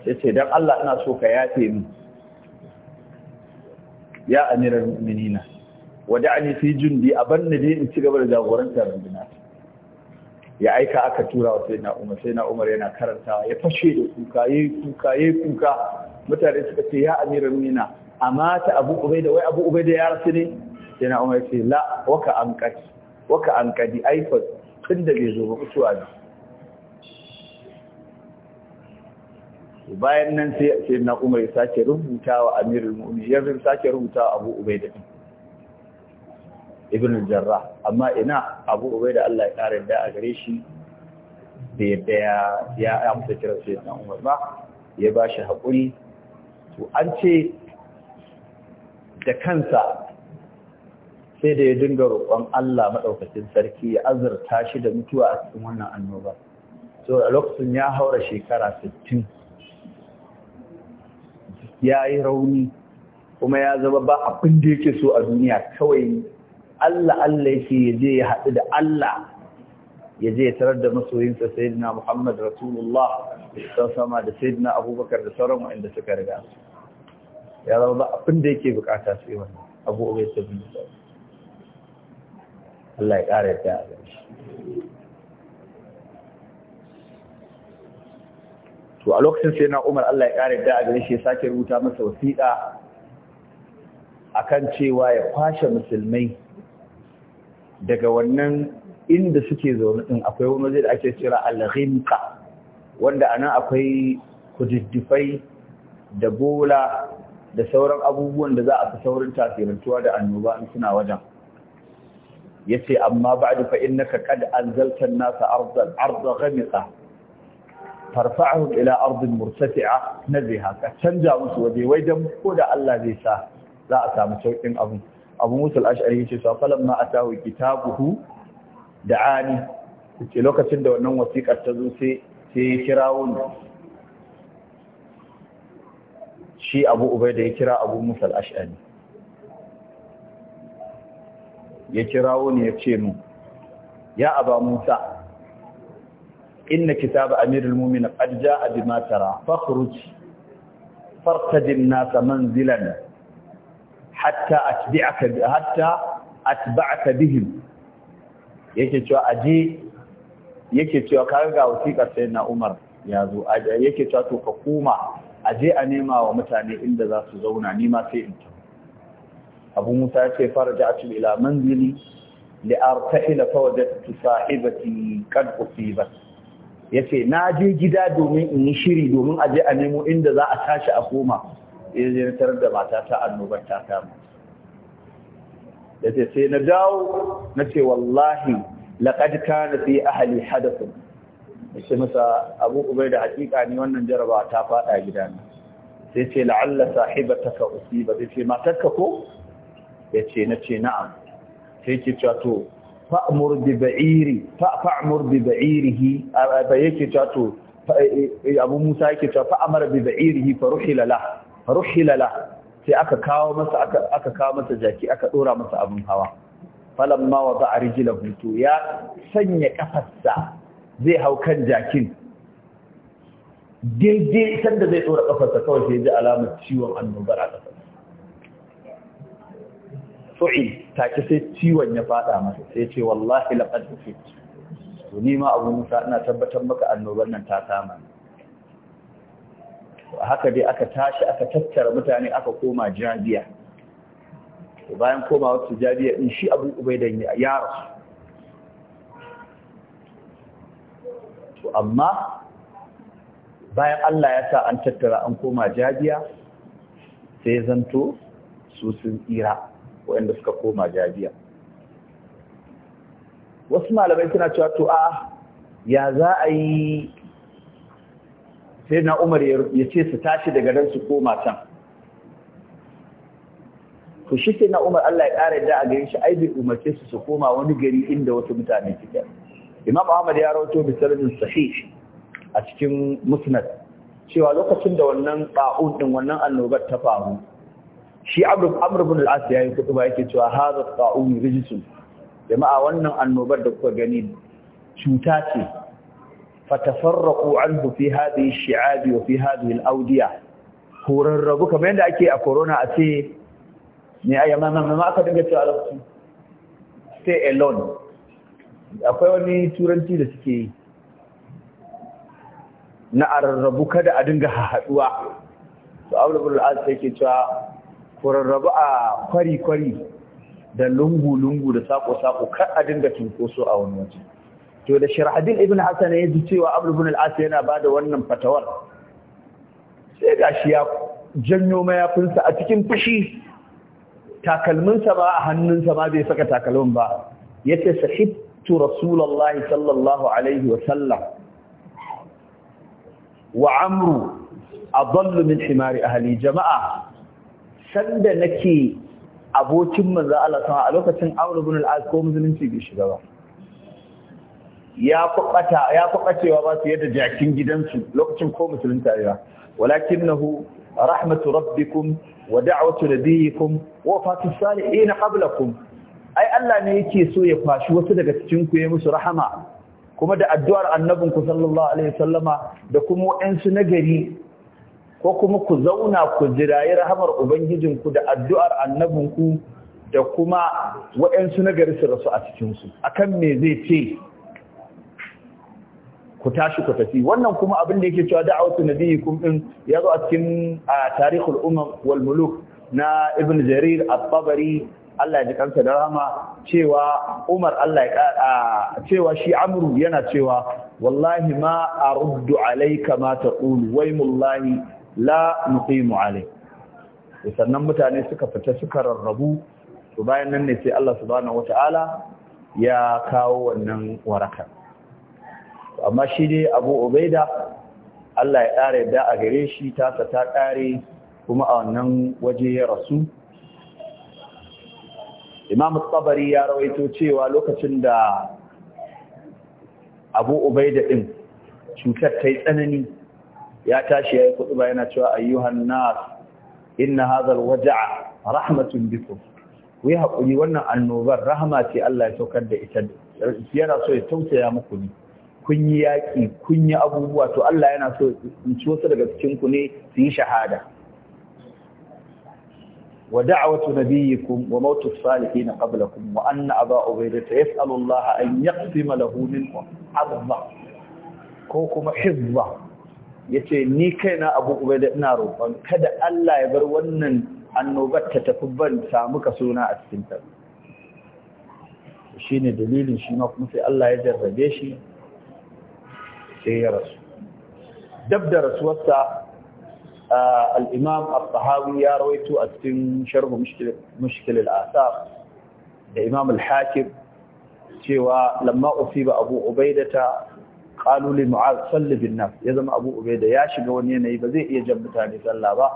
Speaker 1: sai ce dan Allah ina so ka yafe min ya amiral mu'minina wada'ani fi jundi abanni dai in ci gaba da jagorantar runduna ya aika aka tura wa sayyidina Umar sayyidina Umar yana karanta ya fashe da kuka yayi kuka yayi kuka mutane suka ce ya amiral mu'minina mata Abu da wai Abu da ya rasu ne sayyidina Umar ya ce la waka an kadi waka an kadi ai tun da bai zo ba mutuwa ne bayan nan sai sai na Umar ya sake rubutawa Amirul Mu'minin ya sake rubuta Abu Ubaida Ibn Jarrah amma ina Abu Ubaida Allah ya kare da a gare shi da yadda ya amsa kiran sai na Umar ba ya ba shi haƙuri to an ce da kansa sai da ya dinga roƙon Allah madaukakin sarki ya azurta shi da mutuwa a cikin wannan annoba. So a lokacin ya haura shekara 60 ya yi rauni kuma ya zama ba abin da yake so a duniya kawai Allah Allah yake ya je ya haɗu da Allah ya je ya tarar da masoyinsa sayyidina Muhammad Rasulullah da sama da sayyidina Abubakar da sauran waɗanda suka riga ya zama ba abin da yake bukata yi wannan abu ubai sabbi Allah ya ƙara yadda a to a lokacin sai na umar Allah ya kare da a gare shi ya sake rubuta masa wasiƙa akan cewa ya kwashe musulmai daga wannan inda suke zaune din akwai wani waje da ake cewa al-ghimqa wanda ana akwai kujiddifai da bola da sauran abubuwan da za a fi saurin tasirantuwa da annoba in suna wajen yace amma ba'du fa innaka qad anzalta an-nasa ardan arda ghamiqa farfa'ahum ila ardin na zai ka canja musu waje wai dan ko da Allah zai sa za a samu saukin abu abu musul ash'ari yace sa falamma atahu kitabuhu da'ani ce lokacin da wannan wasiƙar ta zo sai sai ya kira wani. shi abu ya kira abu ya ya ce mu ya aba musa inna kitaba amirul mu'minin qad jaa bima tara fakhruj fartadin nas manzilan hatta atbi'aka hatta atba'aka bihim yake cewa aje yake cewa ka ga wasiƙar na Umar ya zo yake cewa to ka koma aje a nema wa mutane inda za su zauna ni ma sai in Abu Musa ya ce farja'tu ila manzili li artahila fawajadtu sahibati qad usibat ya ce na je gida domin in yi shiri domin a a nemo inda za a tashi a koma ya je tarar da mata ta annobar ta kama ya ce sai na dawo na ce wallahi laƙad kana fi ahali hadathun ya ce masa abu ubai da hakika ne wannan jaraba ta faɗa gida ne sai ce la'alla sahibataka usiba sai ce ka ko ya ce na ce na'am sai ce cewa to fa'amur bi ba'iri fa'amur bi ba'irihi ba yake cewa to e, e, abu musa yake cewa fa'amara bi ba'irihi fa ruhilala fa ruhilala sai aka kawo masa aka kawo masa jaki aka ɗora masa abin hawa falamma wa ba'a rijlahu hutu ya sanya ƙafarsa zai hau kan jakin daidai sanda zai ɗora ƙafarsa kawai sai ya ji alamar ciwon annobar a ƙafarsa. ta take sai ciwon ya fada masa sai ce wallahi laqad ufit to ni ma abu musa ina tabbatar maka annobar nan ta kama haka dai aka tashi aka tattara mutane aka koma jabiya bayan koma wata jabiya din shi abu ubaidan ya rasu to amma bayan Allah ya sa an tattara an koma jabiya sai zanto su sun tsira waɗanda suka koma jabiya wasu malamai suna cewa to a ah, ya za a yi sai na umar ya ce su tashi daga nan su koma can to shi sai na umar Allah ya ƙara yadda a gare shi ai bai umarce su su koma wani gari inda wasu mutane suke imam ahmad ya rawato bi sanadin sahih a cikin musnad cewa lokacin da wannan ba'un din wannan annobar ta faru shi amr al'asa ya yi kudu ba yake cewa hadha ta'un rijsun jama'a wannan annobar da kuka gani cuta ce fatafarraku an fi haɗe ash-shi'abi wa fi haɗe al’audiya horon rabu kamar yadda ake a corona a ce ne a yamma mamma aka dinga cewa lafi stay alone akwai wani turanci da suke yi na a rarrabu kada a dinga haɗuwa to abu da al'adu sai ke cewa ku rarrabu a kwari-kwari da lungu-lungu da saƙo-saƙo kar a dinga cinkoso a wani waje to da shirhadin ibn hassan ya ji cewa abu ibn yana ba da wannan fatawar sai ga shi ya janyo mayafinsa a cikin fushi takalminsa ba a hannunsa ma bai saka takalmin ba ya ce sahibtu Rasulallah sallallahu alaihi wa sallam wa amru a min himari hali jama'a sanda nake abokin manzo Allah sama a lokacin Amr ibn al-As ko musulunci bai shiga ba ya kubata ya kubacewa ba su yadda jakin gidansu lokacin ko musulunta ya walakinahu rahmatu rabbikum wa da'watu nabiyikum wa fatu salihin qablakum ai Allah ne yake so ya fashi wasu daga cikin ku ya musu rahama kuma da addu'ar annabinku sallallahu alaihi wasallama da kuma wa'ansu nagari ko kuma ku zauna ku jirayi rahamar ubangijinku da addu'ar annabinku da kuma waɗansu nagari su rasu a cikinsu akan me zai ce ku tashi ku tafi wannan kuma abin da yake cewa da'awatu nabiyikum din ya zo a cikin tarihul umar wal muluk na ibn jarir a tabari Allah ya ji kansa da rahama cewa Umar Allah ya cewa shi Amru yana cewa wallahi ma aruddu alayka ma taqulu waymullahi la nuqimu alai sannan mutane suka fita suka rarrabu to bayan nan ne sai Allah subhanahu wata'ala ya kawo wannan waraka amma shi dai Abu Ubaida Allah ya dare da a gare shi tasa ta ƙare kuma a wannan waje ya rasu Imam Tabari ya rawaito cewa lokacin da Abu Ubaida din cutar ta yi tsanani ya tashi yayi kutuba yana cewa ayyuhan nas inna hadha alwaj'a rahmatun bikum ku yi hakuri wannan annobar rahama ce Allah ya saukar da ita yana so ya tausaya muku ne kun yi yaƙi kun yi abubuwa to Allah yana so in ci wasu daga cikin ku ne su yi shahada wa da'awatu nabiyyikum wa mautu salihin qablakum wa anna aba ubayda yas'alu Allah an yaqsima lahu minkum ko kuma hizza Ya ce ni kaina Abu da ina roƙon kada Allah ya bar wannan annobar ta tafi ban samu ka suna a cikin ta ne dalilin shi ma kuma sai Allah ya jarrabe shi sai ya rasu dab da rasuwarsa al-Imam al-Tahawi ya rawaito a cikin sharh mushkil al-asar da Imam al-Hakim cewa lamma usiba Abu Ubaidata qalu li mu'az salli ya zama abu da ya shiga wani yanayi ba zai iya jan mutane sallah ba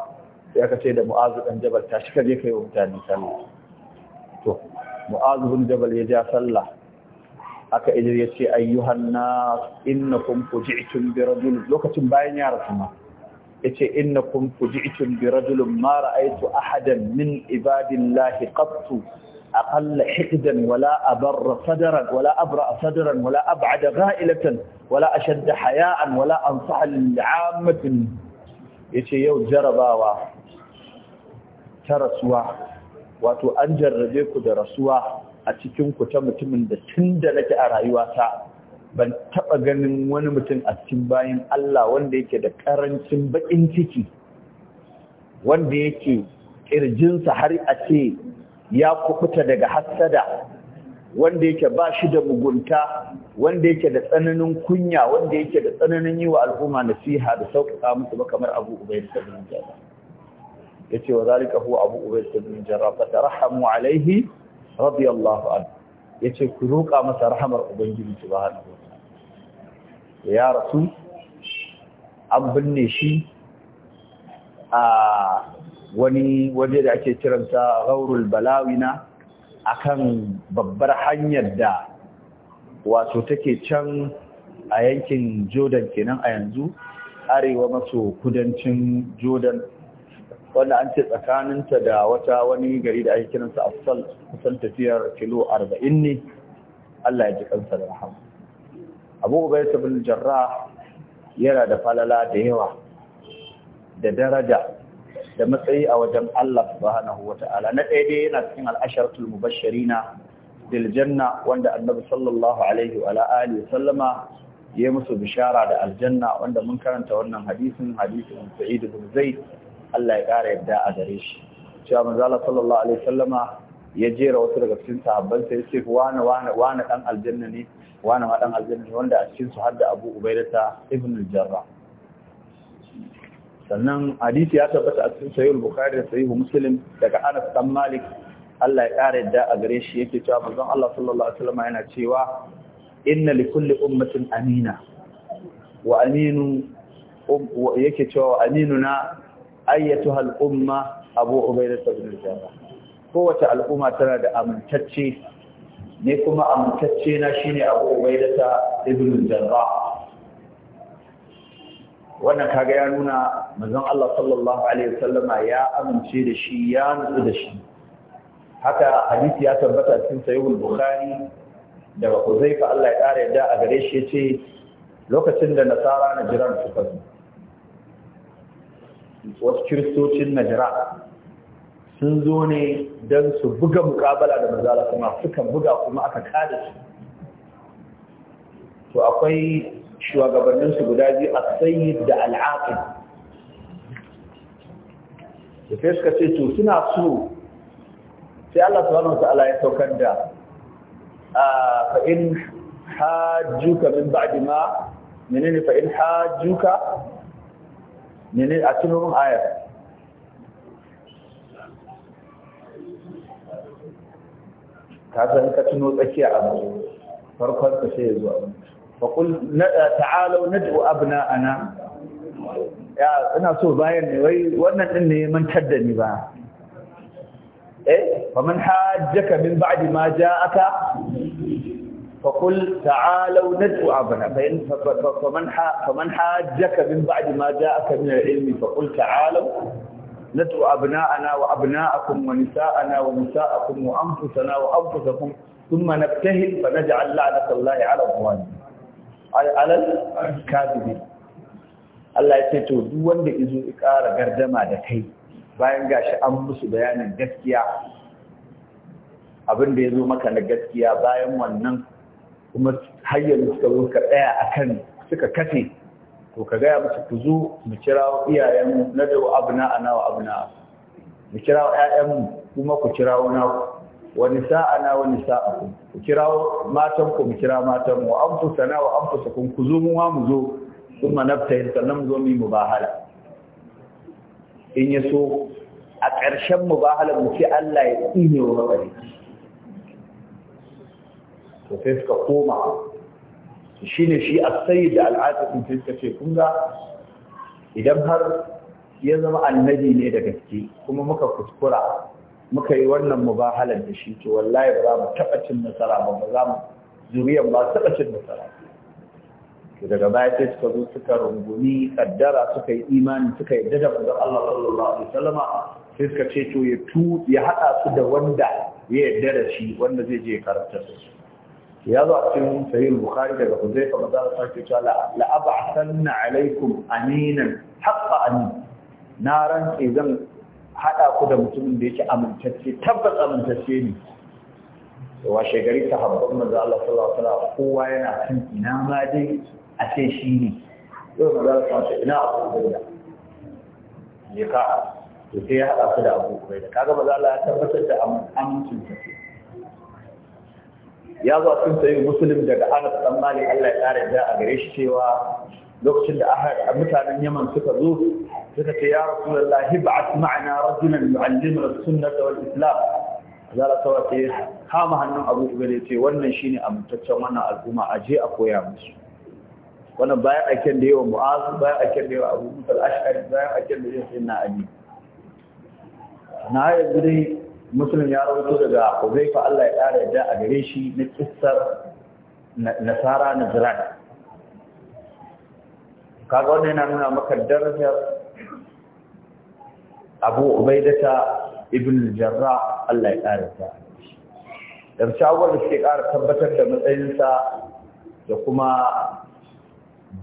Speaker 1: sai aka ce da mu'az dan jabal ta shi kaje kai wa mutane sallah to mu'az bin jabal ya ja sallah aka ijir ya ce ayyuhan nas innakum fuji'tum bi rajul lokacin bayan ya rasu ma yace innakum fuji'tum bi rajul ma ra'aytu ahadan min ibadillahi qattu أقل حقدا ولا أبر صدرا ولا أبرأ صدرا ولا أبعد غائلة ولا أشد حياء ولا أنصح للعامة يتي يو جرباوا ترسوا واتو أنجر رجيكو درسوا أتكنكو تمتمن دسند لك أرايواتا ban taɓa ganin wani mutum a cikin bayan Allah wanda yake da ƙarancin baƙin ciki wanda yake ƙirjinsa har a ce ya kubuta daga hassada wanda yake ba shi da mugunta wanda yake da tsananin kunya wanda yake da tsananin yi wa al'umma nasiha da sauƙaƙa musu ba kamar abu ubaid jara Ya ce wa zalika huwa abu ubaid ibn jarrah fa rahamu alaihi radiyallahu Ya ce ku roƙa masa rahamar ubangiji ba wa ta'ala ya rasu an binne shi a wani waje da ake kiransa gaurul balawina kan babbar hanyar da wato take can a yankin Jordan kenan a yanzu arewa maso kudancin Jordan wanda an ce tsakaninta da wata wani gari da ake kiransa Afsal kusan tafiyar kilo arba'in ne Allah ya ji kansa da rahama Abu Ubayd bin Jarrah yana da falala da yawa da daraja da matsayi a wajen Allah subhanahu ta'ala na ɗaya dai yana cikin al'asharatul mubashirina bil janna wanda annabi sallallahu alaihi wa alihi sallama ya musu bishara da aljanna wanda mun karanta wannan hadisin hadisin Sa'id ibn Zaid Allah ya ƙara yadda a gare shi cewa manzo sallallahu alaihi sallama ya jera wasu daga cikin sahabban sai ce wani wani wani dan aljanna ne wani ma dan aljanna ne wanda a cikin su har da Abu Ubaidata ibn al-Jarrah sannan hadisi ya tabbata a cikin sahih bukhari da sahih muslim daga Anas dan Malik Allah ya kare da a gare shi yake cewa manzon Allah sallallahu alaihi wasallam yana cewa inna li kulli ummatin amina wa aminu um, yake cewa aminuna ayyatuha al umma abu ubaidah ibn al-jarrah kowace al'umma tana da amintacce ne kuma amintacce na shine abu ubaidah ibn al-jarrah wannan kaga ya nuna manzon Allah sallallahu alaihi wasallama ya amince da shi ya nutsu da shi haka hadisi ya tabbata cikin sahihul bukhari daga Huzaifa Allah ya kare da a gare shi yace lokacin da nasara na jiran su zo wasu kiristocin najira sun zo ne don su buga mukabala da mazala kuma suka buga kuma aka kada su to akwai shugabanninsu guda biyu a sayyid da al'aqib da sai suka ce to suna so sai Allah subhanahu wa ta'ala ya saukar da fa in hajjuka min ba'di ma menene fa in hajjuka menene a cikin ayar ka san ka tuno tsakiya a farkon ka sai ya zuwa فقل آه، تعالوا ندعو أبناءنا يا أنا سو باين ne إني من din ne mantar فمن حاجك من بعد ما جاءك فقل تعالوا ندعو أبنا فإن فمن فمن حاجك من بعد ما جاءك من العلم فقل تعالوا ندعو أبناءنا وأبناءكم ونساءنا ونساءكم وأنفسنا وأنفسكم ثم نبتهل فنجعل لعنة الله على الظالمين alal kadhibi Allah ya ce to duk wanda izo ya ƙara gardama da kai bayan gashi an musu bayanin gaskiya abin da ya zo maka na gaskiya bayan wannan kuma har suka zo suka tsaya akan suka kafe to ka gaya musu ku zo mu kira iyayen na da abuna ana wa abuna. mu kira 'ya'yanmu kuma ku kira naku. wa nisa'ana wani nisa'akum ku kira matanku mu kira matan mu anfusana wa anfusakum ku zo mu wa mu zo kuma naftahi sannan mu zo mu mubahala in ya so a ƙarshen mu mubahalar mu ce Allah ya tsine wa matsari to sai suka koma shi ne shi a sayi da al'adun sai suka ce kun ga idan har ya zama annabi ne da gaske kuma muka kuskura muka yi wannan mubahalar da shi to wallahi ba za mu taɓa cin nasara ba ba za mu zuriyar ba taɓa cin nasara ba. daga baya sai suka zo suka rungumi kaddara suka yi imani suka yarda da manzon Allah sallallahu alaihi wasallama sai suka ce to ya tu ya hada su da wanda ya yarda da shi wanda zai je karanta su ya zo a cikin sahih bukhari daga huzaifa maza Allah sai ce la ab'athanna alaikum aminan haqqa amin na rantsi zan haɗa ku da mutumin da yake amintacce tabbas amintacce ne wa shegari ta habban manzo Allah sallallahu alaihi wasallam kowa yana cin ina ma dai a ce shi ne yau manzo Allah sallallahu alaihi ina Abu da ya ka to sai ya haɗa ku da Abu da kaga manzo Allah ya tabbatar da amincin sa ya zo a cikin sayyid muslim daga Anas dan mali Allah ya kare da a gare shi cewa لوكتل أحد مثلا يمن سكذو سكت يا رسول الله بعث معنا رجلا يعلمنا السنة والإسلام هذا سواتي هام هنو أبو إبليتي ونشيني أم تتشمنا أزوما أجي أكو يا مش وانا بايا أكين ديو معاذ بايا أكين ديو أبو مثل أشعر بايا أكين ديو سينا أجي نهاية بدي مسلم يا رسول الله وزيفة الله يتعالى جاء جريشي نتسر نصارى نزرانه kaga wannan yana nuna maka darajar Abu Ubaidata ibn Jarrah Allah ya kare ta dan shawar da suke ƙara tabbatar da matsayinsa da kuma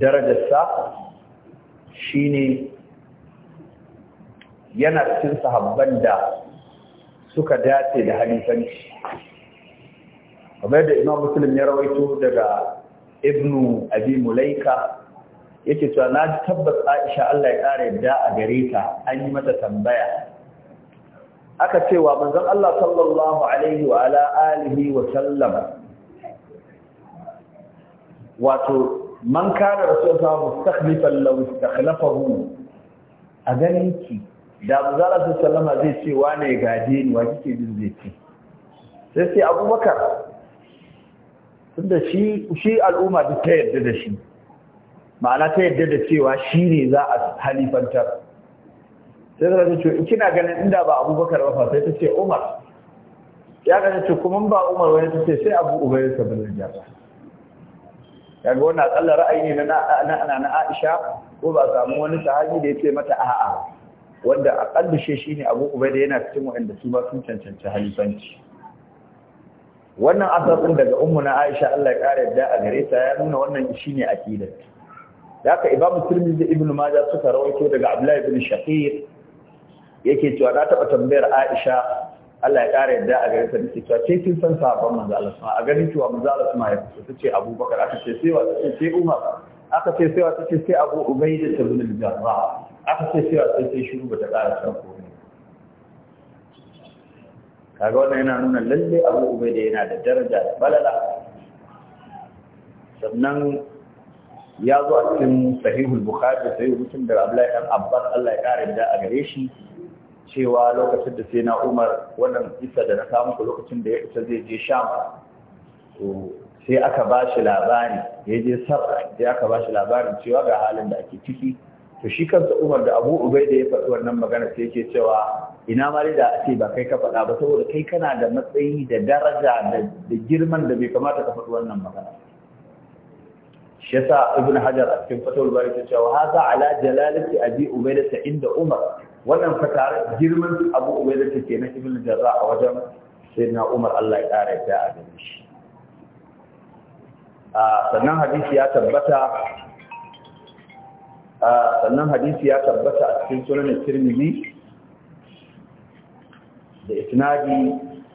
Speaker 1: darajarsa shine yana cikin sahabban da suka dace da halifanci kamar da Imam Muslim ya rawaito daga Ibnu Abi Mulaika yake cewa na tabbas Aisha Allah ya ƙara da a gare ta an yi mata tambaya aka cewa manzon Allah sallallahu alaihi wa ala alihi wa sallam wato man kana rasulullah mustakhlifan law istakhlafahu a ganin ki da manzon Allah sallallahu zai ce wane ne gaje ni wa kike jin zai ce sai sai Abubakar tunda shi shi al'umma duk ta yarda da shi ma'ana ta yadda da cewa shi ne za a halifantar sai ta ce kina ganin inda ba abubakar ba sai ta ce umar ya gani ce kuma ba umar wani ta ce sai abu ubayi sabbin jaba ya ga wannan akalla ra'ayi ne na na aisha ko ba samu wani sahabi da ya ce mata a'a wanda akalla shi shine abu ubayi da yana cikin waɗanda su ba sun cancanci halifanci wannan asasin daga ummu na aisha Allah ya kare da a gare ta ya nuna wannan shine aqidar da haka imamu tirmidhi ibn majah suka rawaito daga abdullahi ibn shaqiq yake cewa na taɓa tambayar aisha Allah ya ƙara yadda a gare ta nake cewa ce kin san sahabban manzo Allah sama a ganin cewa manzo Allah sama ya fito tace Abubakar aka ce sai wa tace sai Umar aka ce sai wa tace sai Abu Ubaida ibn al-Jarrah aka ce sai wa tace shiru bata ƙara san ko kaga wannan yana nuna lalle Abu Ubaida yana da daraja da balala sannan ya zo a cikin sahihul bukhari sai mutum da da abdullahi dan abbas Allah ya kare da a gare shi cewa lokacin da sai na umar wannan isa da na samu ku lokacin da ya isa zai je sham to sai aka ba shi labari ya je sarra sai aka ba shi labarin cewa ga halin da ake ciki to shi kansa umar da abu ubai da ya faɗi wannan magana sai yake cewa ina ma da a ce ba kai ka faɗa ba saboda kai kana da matsayi da daraja da girman da bai kamata ka faɗi wannan magana shi yasa ibn hajar a cikin fatawar bari ta cewa za ala jalalati abi ubaida ta inda umar wannan fatara girman abu ubaida ta kenan ibn jarra a wajen na umar Allah ya kare ta a gare shi sannan hadisi ya tabbata sannan hadisi ya tabbata a cikin sunan tirmidhi da isnadi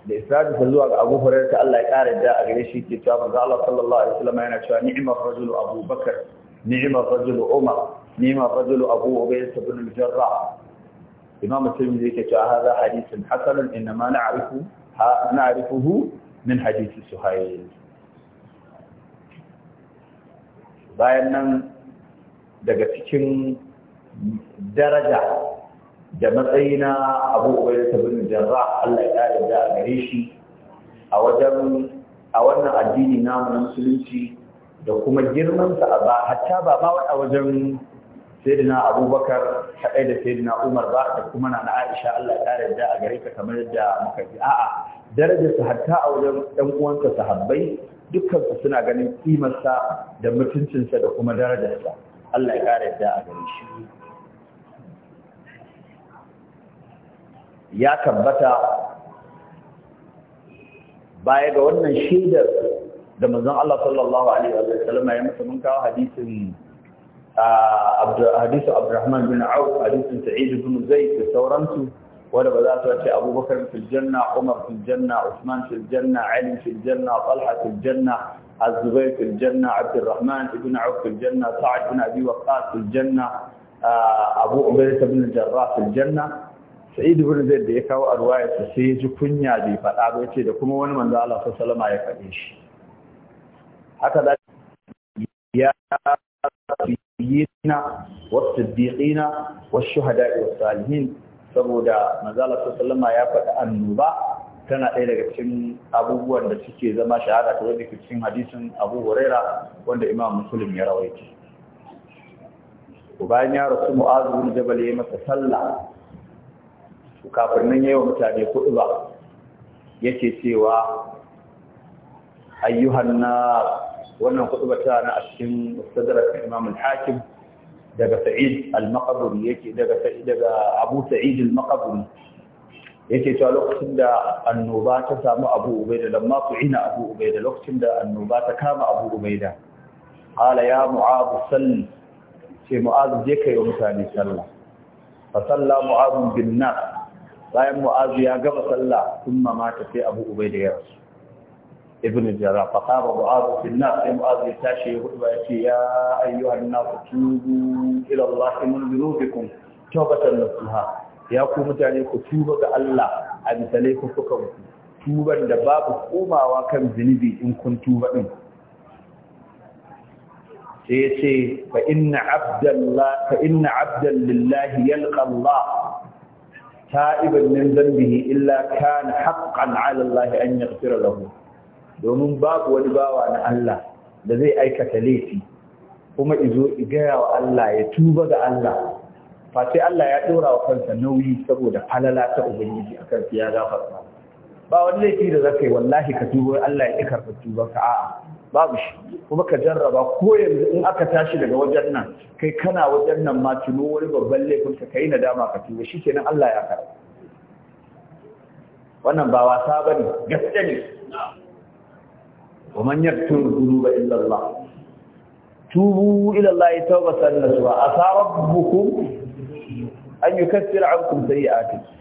Speaker 1: da isnadin zuwa ga Abu Hurairah Allah ya da a gare shi ke cewa manzo Allah sallallahu alaihi wasallam yana cewa ni'mar rajulu Abu Bakar ni'mar rajulu Umar ni'mar rajulu Abu Ubayd ibn al-Jarrah Imam yake cewa hadithun hasanun na'rifuhu min Suhayl bayan nan daga cikin daraja da matsayina abu ubai ta bin jarra Allah ya kare da a gare shi a wajen a wannan addini namu na musulunci da kuma girman sa a ba hatta ba ba a wajen sayyidina abubakar kadai da sayyidina umar ba da kuma na aisha Allah ya kare da a gare ka kamar yadda muka ji a'a darajar sa hatta a wajen dan uwansa sahabbai dukkan su suna ganin kimar sa da mutuncin sa da kuma darajar sa Allah ya kare da a gare shi ya tabbata baya ga wannan shaidar da manzon Allah sallallahu alaihi wa sallam ya mutu mun kawo hadisin hadisu Abdurrahman bin Auf hadisin Sa'id bin Zaid da sauransu wanda ba za su ce Abubakar fil janna Umar fil janna Uthman fil janna Ali fil janna Talha fil janna الزبير في الجنة عبد الرحمن بن عوف في الجنة سعد bin أبي وقاص في الجنة أبو عبيدة بن الجراح في الجنة Sa'idu bin zaid da ya kawo a sai ya ji kunya bai faɗa ba yace da kuma wani manzo Allah sallallahu alaihi ya faɗe shi haka da ya yina wa siddiqina wa shuhada'i wa salihin saboda manzo Allah sallallahu ya faɗi annuba tana ɗaya daga cikin abubuwan da suke zama shahada ta wani cikin hadisin Abu Huraira wanda Imam Muslim ya rawaita bayan ya rasu mu'azu bin Jabal ya masa sallah kafin nan yawa mutane kuɗi ba ce cewa ayyuhan na wannan kuɗi ba ta na a cikin mustadarakan imam hakim daga sa'id al-maqaburi yake daga sa'id daga abu sa'id al-maqaburi yake cewa lokacin da annoba ta samu abu ubaida lamma ina abu ubaida lokacin da annoba ta kama abu ubaida qala ya mu'adh salli ce mu'adh je kai wa mutane sallah fa salla mu'adh bin nas bayan mu'azu ya gaba sallah sun mamata sai abu ubai da ya rasu ibn jara fa saba mu'azu fil nas sai mu'azu ya tashi ya hudu ya ce ya ayyuhan nas tubu ila Allah min dhunubikum tawbatan nasuha ya ku mutane ku tuba ga Allah a misalai ku fukan ku tuban da babu komawa kan zunubi in kun tuba din sai fa inna abdan lillahi yalqa Allah ta'iban min zambihi illa kana haqqan 'ala Allah an yaghfira lahu domin babu wani bawa na Allah da zai aikata laifi kuma izo igaya wa Allah ya tuba ga Allah face Allah ya dora wa kansa nauyi saboda falala ta ubangiji akan ya gafarta ba wani laifi da zakai wallahi ka tuba Allah ya karɓa tuba ka a'a babu shi kuma ka jarraba ko yanzu in aka tashi daga wajen nan kai kana wajen nan ma tuno wani babban laifin ka kai nadama ka shi kenan Allah ya karɓa wannan ba wasa bane gaske ne wa man yaktur dhunuba illa Allah tubu ila Allah tawbatan nasuha asa rabbukum an yukaffira ankum sayi'atikum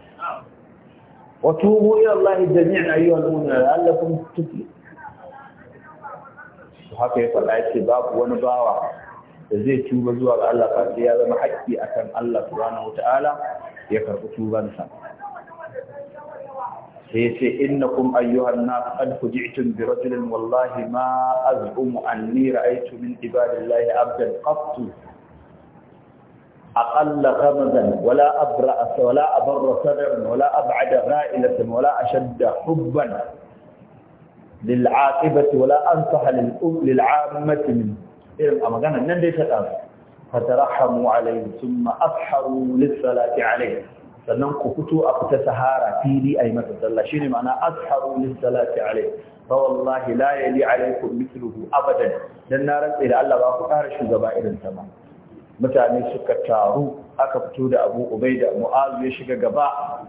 Speaker 1: وتوبوا إلى الله Allah أيها المؤمنون لعلكم تفلحون haka ya faɗa yace babu wani bawa da zai tuba zuwa ga Allah fa sai ya zama haƙƙi akan Allah subhanahu wata'ala ya karɓi tubansa sai ya ce innakum ayyuhan nas qad fuji'tum bi rajulin wallahi ma az'umu anni ra'aytu min ibadillahi abdan qattu أقل غمزا ولا أبرأ ولا أبر صدرا ولا أبعد غائلة ولا أشد حبا للعاقبة ولا أنصح للعامة منه إذن أما كان نندي تتام فترحموا عليه ثم أصحروا للصلاة عليه sannan ku fito a fita sahara fili a yi masa sallah shine ne ma'ana asharu lissalati alai fa wallahi la yali alaikum mithluhu abadan dan na rantse da Allah ba ku kara shugaba irin sa ba mutane suka taru aka fito da Abu Ubaida Mu'az ya shiga gaba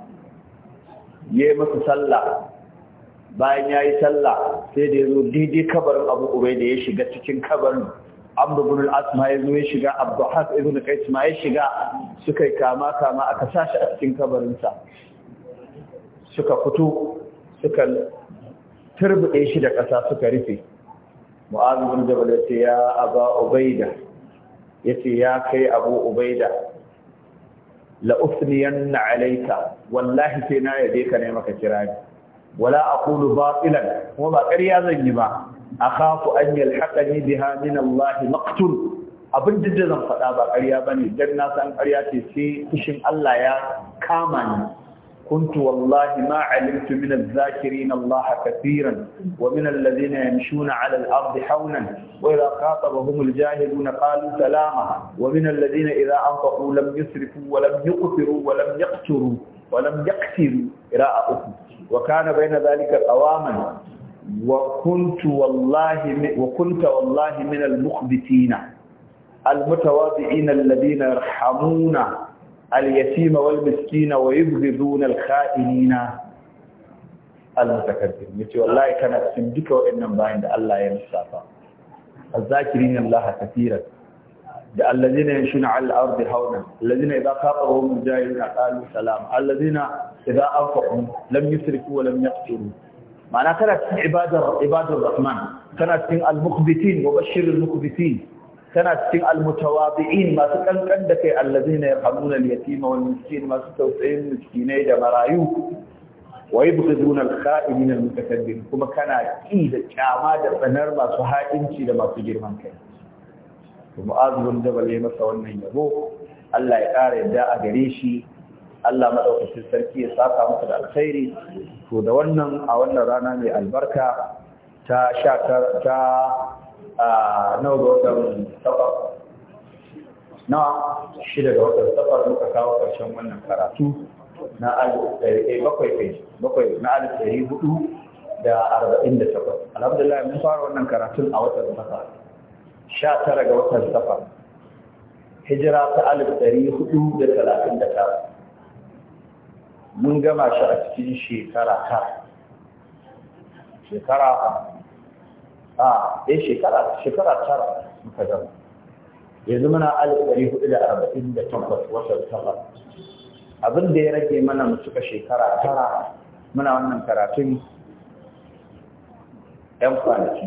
Speaker 1: yayi masa sallah bayan ya yi sallah sai da ya zo daidai kabarin abu ubai da ya shiga cikin kabarin amru bin al ya zo ya shiga haka izu na kai ya shiga suka yi kama kama aka sashi a cikin kabarinsa suka fito suka turbuɗe shi da ƙasa suka rufe mu'azu bin jabal ya ce ya aba ubaida ya ce ya kai abu ubaida la na alaika wallahi sai na yade ka ne maka kirani wala aqulu batilan kuma ba ƙarya zan yi ba akhafu an yalhaqani biha min Allah maqtul abin da zan faɗa ba ƙarya bane dan na san ƙarya ce sai kishin Allah ya kama ni kuntu wallahi ma alimtu min adh-dhakirin Allah kaseeran wa min alladhina yamshuna 'ala al-ardi hawlan wa idha khatabahum salama wa min alladhina idha anfaqu lam yusrifu wa lam yuqtiru wa lam yaqturu wa lam yaqtiru ira'a wa kana baina zalika qawaman wa wallahi wa kunta wallahi min al-mukhbitina al-mutawadi'ina alladhina yarhamuna اليتيم والمسكين ويبغضون الخائنين المتكبر yace wallahi kana cikin duka waɗannan bayan da Allah ya lissafa azzakirin Allah kafiran da allazina yamshuna ala al-ardi hauna allazina idza khatabahum jahiluna qalu salam allazina idza anfaqu lam yusrifu wa lam yaqtiru ma'ana kana cikin ibadar ibadar rahman kana cikin al-muqbitin wa bashir al-muqbitin kana cikin al-mutawadi'in masu kankan da kai allazina yarhamuna al-yatima wal miskin masu tausayin miskinai da marayu ويبغضون الخائنين المتكبرين كما كان اكيد كما da بنر ما سو حائنتي ده ما سو girman kai. to mu'azu bin jabal ya masa wannan yabo Allah ya ƙara yadda a gare shi Allah maɗaukacin sarki ya saka masa da alkhairi to da wannan a wannan rana mai albarka ta sha ta a nawa ga watan safar na shida ga watan safar muka kawo ƙarshen wannan karatu na eh, eh, bakwai na alif ɗari hudu da arba'in da takwas alhamdulillah mun fara wannan karatun a watan safar sha tara ga watan safar hijira ta alif ɗari da da tara mun gama shi a cikin shekara tara shekara a ɗaya eh, shekara shekara tara muka gama yanzu muna alif ɗari da watan safar abin da ya rage mana mu cika shekara tara muna wannan karatun 'yan kwanaki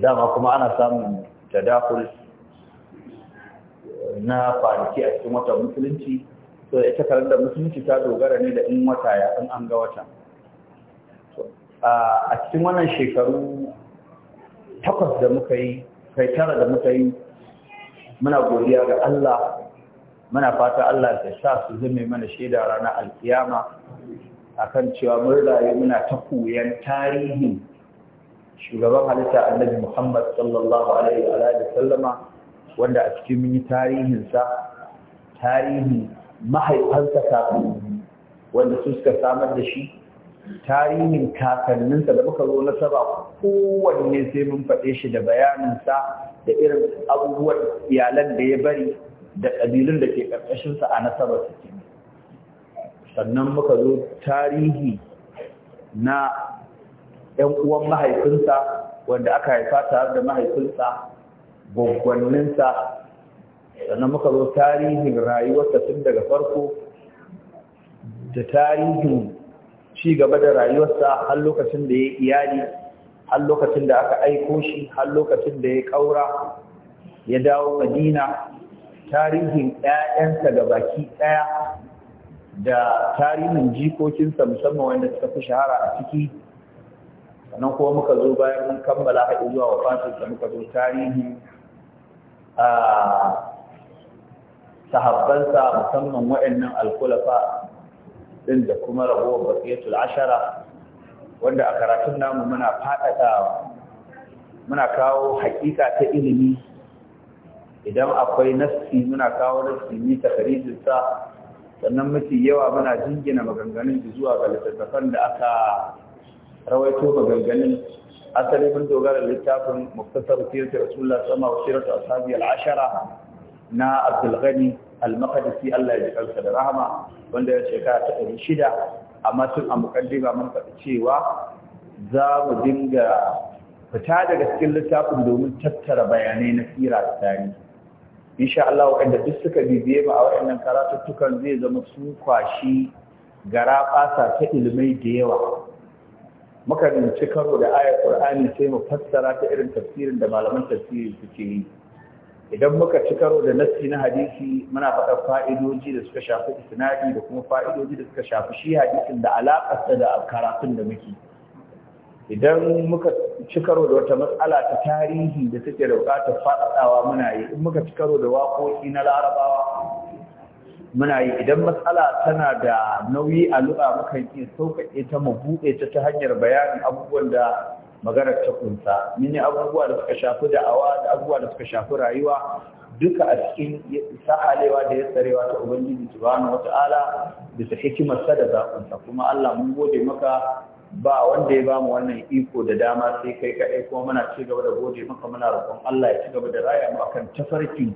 Speaker 1: dama kuma ana samun tadakul na kwanaki a cikin watan musulunci so ita kalandar musulunci ta dogara ne da in wata ya in an ga wata a cikin wannan shekaru takwas da muka yi kai tara da muka yi muna godiya ga Allah muna fata Allah ya sa su zame mana shaida ranar alkiyama akan cewa mun rayu muna ta koyan tarihi. shugaban halitta annabi Muhammad sallallahu alaihi wa sallama wanda a cikin mini tarihinsa, tarihin mahaifansa kafin wanda su suka samar da shi tarihin kakanninsa da muka zo nasaba kowanne sai mun faɗe shi da bayaninsa da irin abubuwan iyalan da ya bari da ƙabilun da ke ƙarƙashinsa a nasabar suke sannan muka zo tarihi na ‘yan uwan mahaifinsa wanda aka haifa tare da mahaifinsa gwaggwanninsa sannan muka zo tarihin rayuwarsa tun daga farko da tarihin ci gaba da rayuwarsa har lokacin da ya iyali har lokacin da aka aiko shi har lokacin da ya ƙaura ya dawo madina tarihin ‘ya'yansa ga baki ɗaya da tarihin jikokinsa musamman wanda suka fi shahara a ciki sannan kuma muka zo bayan mun kammala haɗe zuwa wa da muka zo tarihi a sahabbansa musamman waɗannan alkulafa ɗin da kuma ragowar basiyatul ashara wanda a karatun namu muna faɗaɗa muna kawo haƙiƙa ta ilimi idan akwai nassi muna kawo nassi ni takarijinsa sannan mafi yawa muna jingina maganganun zuwa ga littattafan da aka rawaito maganganun asali mun dogara da littafin muktasar siratu rasulullah sama wa siratu ashabi al-ashara na Abdul Ghani al-Maqdisi Allah ya ji kansa da rahama wanda ya shekara ta ɗari shida amma tun a mukaddima mun faɗi cewa za mu dinga fita daga cikin littafin domin tattara bayanai na tsira da tarihi insha Allah waɗanda duk suka bibiye mu a waɗannan karatuttukan zai zama sun kwashi gara fasa ta ilimai da yawa Muka rinci karo da ayar Qur'ani sai mu fassara ta irin tafsirin da malaman tafsiri suke yi idan muka ci karo da nassi na hadisi muna faɗa fa'idoji da suka shafi isnadi da kuma fa'idoji da suka shafi shi hadisin da alaƙa da karatun da muke idan muka ci karo da wata matsala ta tarihi da take da buƙatar faɗaɗawa muna yi in muka ci karo da waƙoƙi na larabawa muna yi idan matsala tana da nauyi a lu'a mukan iya sauƙaƙe ta mu buɗe ta ta hanyar bayanin abubuwan da maganar ta kunsa mini abubuwa da suka shafi da'awa da abubuwa da suka shafi rayuwa duka a cikin sa'alewa da ya tsarewa ta ubangiji subhanahu wata'ala bisa hikimar sa da zakunsa kuma Allah mun gode maka ba wanda ya ba mu wannan iko da dama sai kai kaɗai kuma muna ci gaba da gode maka muna roƙon Allah ya ci gaba da raya mu akan tafarki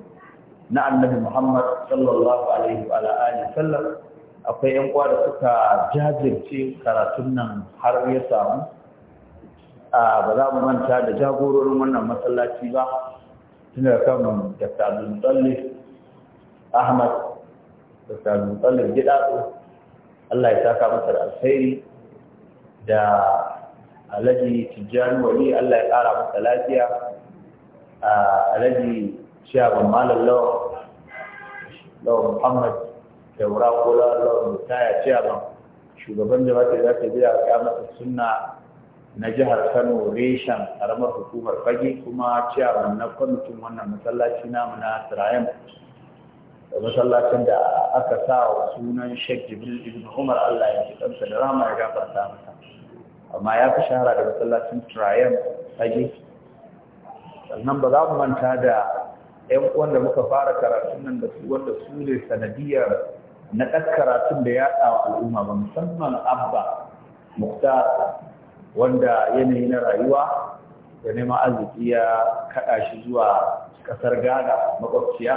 Speaker 1: na annabi Muhammad sallallahu alaihi wa alihi sallam akwai yan uwa suka jajirce karatun nan har ya samu a ba za mu manta da jagororin wannan masallaci ba tunda kan Dr. Abdul Mutallif Ahmad Dr. Abdul Mutallif Gidado Allah ya saka masa da alkhairi da Alhaji Tijjani Wali Allah ya kara masa lafiya a Alhaji shaban malam lawan lawan muhammad daura Kola, lawan mutaya shaban shugaban jama'a za ta biya a masa sunna na jihar kano reshen karamar hukumar fage kuma ciyawan na kwamitin wannan masallaci namu na tirayen da masallacin da aka sa wa sunan sheikh jibril ibn umar allah ya kansa da rama ya gafarta masa amma ya fi shahara da masallacin tirayen fage sannan ba za mu manta da yan uwan da muka fara karatun nan da su wanda su ne sanadiyar na karatun da ya wa al'umma ba musamman abba muktar wanda yanayi na rayuwa da nema arziki ya kaɗa shi zuwa ƙasar ghana makwabciya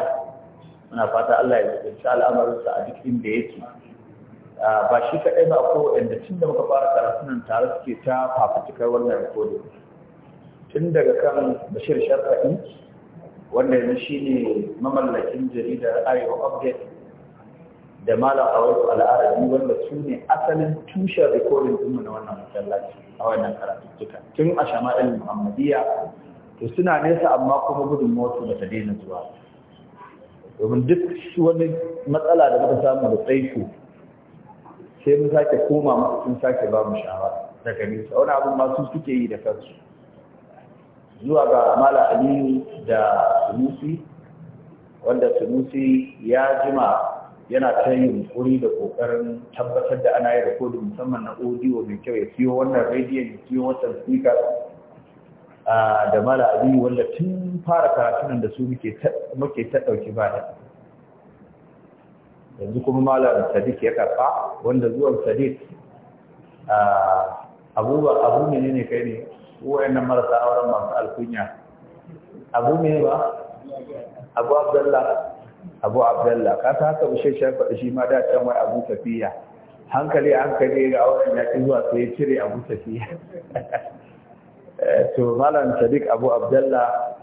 Speaker 1: muna fata allah ya zuci al'amarinsa a duk inda yake ba shi kaɗai ba ko inda tun da muka fara nan tare suke ta fafutukar wannan rikodin tun daga kan bashir sharfa'i wanda yanzu shine mamallakin jaridar Arewa Update da Malam wasu Al'arabi wanda su ne asalin tushen recording ɗinmu na wannan masallaci a wannan karatuttuka tun a Shama'il Muhammadiyya to suna nesa amma kuma gudun motsu ba ta daina zuwa domin duk wani matsala da muka samu da tsaiko sai mun sake koma musu sun sake ba mu shawara daga nesa wani abin ma su suke yi da kansu zuwa ga mala aminu da sunusi wanda sunusi ya jima yana ta wuri da kokarin tabbatar da ana yi rikodi musamman na audio mai kyau ya siyo wannan rediyon ya siyo wancan speaker da mala aminu wanda tun fara karatunan da su muke ta dauki ba yanzu kuma malam sadiq ya karɓa wanda zuwan sadiq abubuwa abu ne ne kai ne wa'annan marasa auren masu alkunya abu ne ba abu abdallah abu abdallah ka ta haka bushe shi faɗi shi ma da can wai abu tafiya hankali hankali ga auren ya zuwa sai ya cire abu tafiya eh, to malam sadiq abu abdallah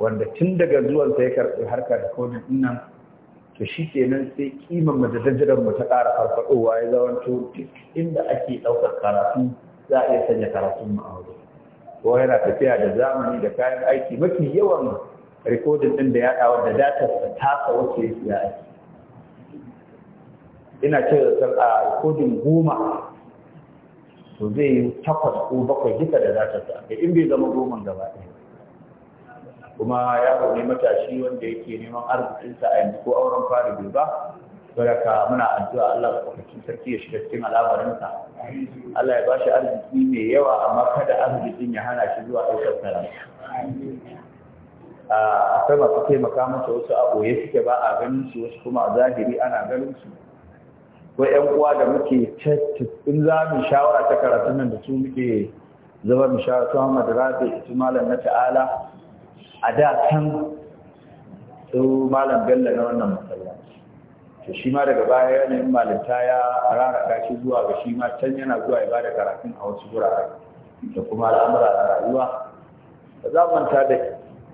Speaker 1: wanda tun daga zuwan sai karɓi harkar kodin nan to shi kenan sai kimar mu ta ƙara farfadowa ya zawanto duk inda ake ɗaukar karatu za a iya sanya karatun mu a wajen ko yana tafiya da zamani da kayan aiki mafi yawan rikodin ɗin da ya ɗawa da data tasa wacce ya siya aiki ina ce a rikodin goma to zai yi takwas ko bakwai duka da data ta in bai zama goman gaba ɗaya kuma yaro ne matashi wanda yake neman arzikinsa a yanzu ko auren fari bai ba baraka muna addu'a Allah maɗaukakin sarki ya shiga cikin al'amarinsa Allah ya bashi arziki mai yawa amma kada arzikin ya hana shi zuwa ɗaukar sarari akwai masu taimaka masa wasu a ɓoye suke ba a ganin su wasu kuma a zahiri ana ganin su ko yan uwa da muke in za mu shawara ta karatun nan da su muke zama mu shawara ta Muhammad Rabi su malam na ta'ala a da kan su malam Bello na wannan to shi ma daga baya yanayin malinta ya raraka shi zuwa ga shi ma can yana zuwa ya bada karatun a wasu wuraren da kuma al'amura na rayuwa ba za manta da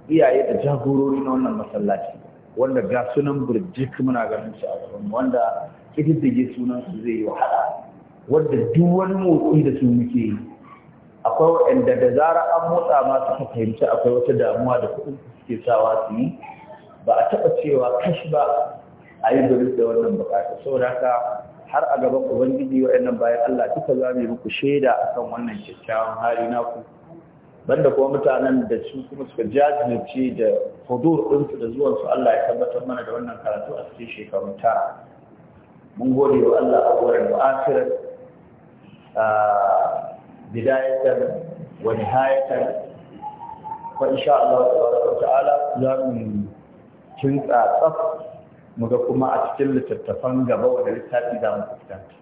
Speaker 1: iyaye da jagorori na wannan masallaci wanda ga sunan burjik muna ganin shi a gaban wanda kididdige sunan su zai yi wahala wanda duk wani motsi da su muke yi akwai wanda da zara an motsa ma ka fahimci akwai wata damuwa da kuɗin suke sawa su yi ba a taɓa cewa kashi ba a yi gurin da wannan bukata da haka har a gaba ubangiji wa'annan bayan Allah duka za mu yi muku shaida a kan wannan kyakkyawan hali naku banda kuma mutanen da su kuma suka jajirce da hudur ɗinsu da zuwan su Allah ya tabbatar mana da wannan karatu a cikin shekaru ta mun gode wa Allah a wurin a bidayatar wa nihayatar wa insha Allah ta'ala za mu kinsa tsaf mu ga kuma a cikin littattafan gaba wanda littafi za mu fuskanta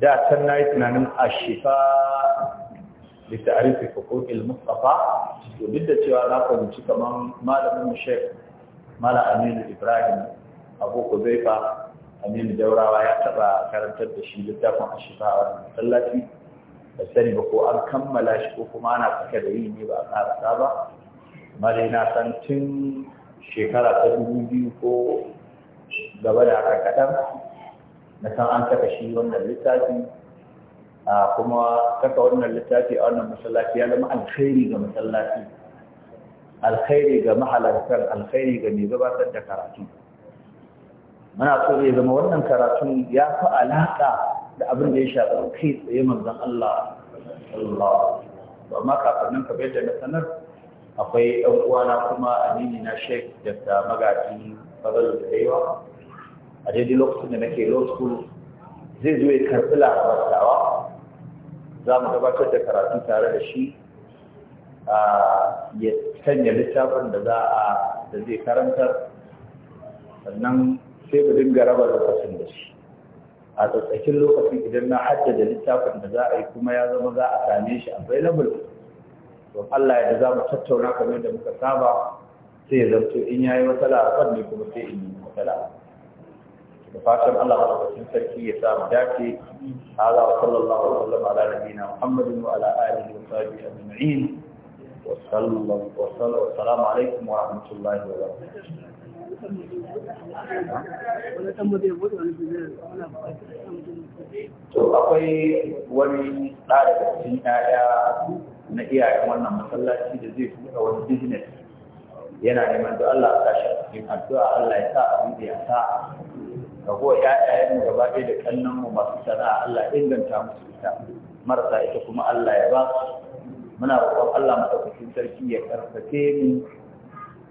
Speaker 1: da can na yi tunanin a shifa da ta'arifin ilmustafa. mustafa da cewa na fahimci kamar malamin shek malam aminu ibrahim abu zai aminu jaurawa ya taba karantar da shi littafin a shifa a wani masallaci da sani ba ko an kammala shi ko kuma ana saka da yi ne ba a karasa ba Mare na san tun shekara ta dubu biyu ko gaba da aka kaɗan na san an saka shi wannan littafi kuma saka wannan littafi a wannan masallaci ya zama alkhairi ga masallaci alkhairi ga mahalartar alkhairi ga mai gabatar da karatu muna so ya zama wannan karatu ya fi alaƙa da abin da ya shafi kai tsaye manzon Allah sallallahu alaihi wasallam amma kafin nan ka bayyana sanar akwai ɗan uwana kuma amini na sheik da ta magaji fadar da yawa a daidai lokacin da nake law school zai zo ya karɓi larabartawa za mu gabatar da karatu tare da shi ya sanya littafin da za a da zai karantar sannan sai mu dinga raba lokacin da shi a tsakakin lokacin idan na haddada littafin da za a yi kuma ya zama za a same shi a available To Allah ya za mu tattauna kamar da muka saba sai ya zarto in ya yi matsala a kan ne kuma sai in yi matsala da fatan Allah a lokacin sarki ya sa mu dace hada wa sallallahu alaihi wa sallam ala nabiyina Muhammadin wa ala alihi wa sahbihi ajma'in wa sallallahu wa sallam alaikum wa rahmatullahi wa barakatuh to akwai wani ɗa daga cikin na iyayen wannan masallaci da zai buɗe wani business yana neman da Allah ta shi cikin addu'a Allah ya sa abin da ya sa ga ko ƴaƴayen mu gaba ɗaya da kannan mu masu sana'a Allah inganta musu ita marasa ita kuma Allah ya ba muna roƙon Allah madaukakin sarki ya karfafe mu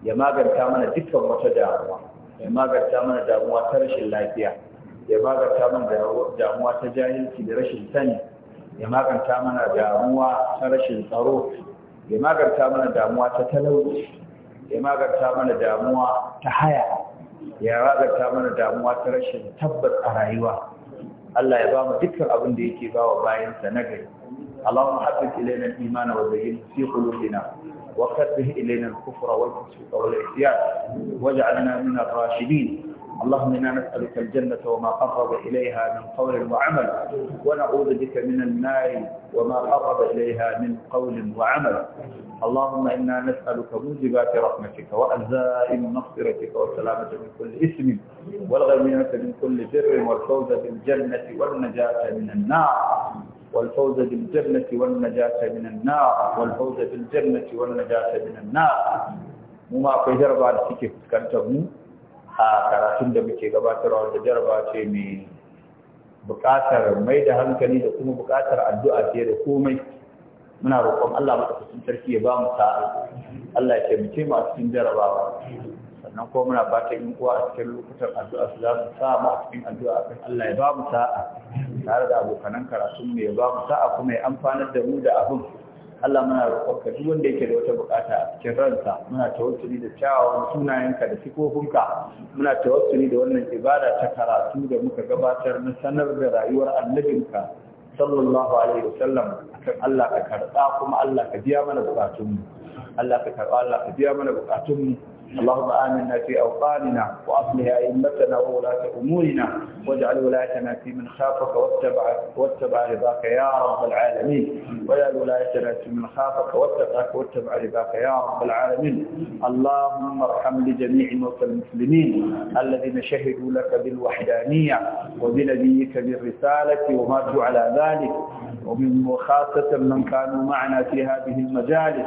Speaker 1: ya maganta mana dukkan wata damuwa ya maganta mana damuwa ta rashin lafiya ya maganta mana damuwa ta jahilci da rashin sani ya maganta mana damuwa ta rashin tsaro ya maganta mana damuwa ta talauci ya maganta mana damuwa ta haya ya maganta mana damuwa ta rashin tabbas a rayuwa Allah ya ba mu dukkan abin da yake ba wa bayansa na gari اللهم حبب إلينا الإيمان وزينه في قلوبنا وكره إلينا الكفر والفسوق nuna fara من الراشدين اللهم إنا نسألك الجنة وما قرب إليها من قول وعمل ونعوذ بك من النار وما قرب إليها من قول وعمل اللهم إنا نسألك موجبات رحمتك وأزائم مغفرتك والسلامة من كل إثم والغنيمة من كل جر والفوز بالجنة والنجاة من النار والفوز بالجنة والنجاة من النار والفوز بالجنة والنجاة من النار وما في جربان سكي كنتم a karatun da muke gabatarwa da jaraba ce mai bukatar mai da hankali da kuma bukatar addu'a fiye da komai muna roƙon Allah maɗaukacin sarki ya ba mu sa'a Allah ya ce mu a cikin jarabawa sannan kuma muna fatan yin uwa a cikin lokutan addu'a su za su sa mu a cikin addu'a kan Allah ya ba mu sa'a tare da abokanan karatun mu ya ba mu sa'a kuma ya amfanar da mu da abin Allah muna roƙonka duk wanda yake da wata bukata a cikin ransa muna tawassuli da kyawawan sunayenka da sifofinka muna tawassuli da wannan ibada ta karatu da muka gabatar na sanar da rayuwar annabinka sallallahu alaihi wasallam akan Allah ka karɓa kuma Allah ka biya mana bukatunmu Allah ka karɓa Allah ka biya mana bukatunmu اللهم آمنا في أوطاننا وأصلح أئمتنا وولاة أمورنا واجعل ولايتنا في من خافك واتبع واتبع رضاك يا رب العالمين واجعل ولايتنا في من خافك واتقاك واتبع رضاك يا رب العالمين اللهم ارحم لجميع موتى المسلمين الذين شهدوا لك بالوحدانية وبنبيك بالرسالة وماتوا على ذلك ومن وخاصة من كانوا معنا في هذه المجالس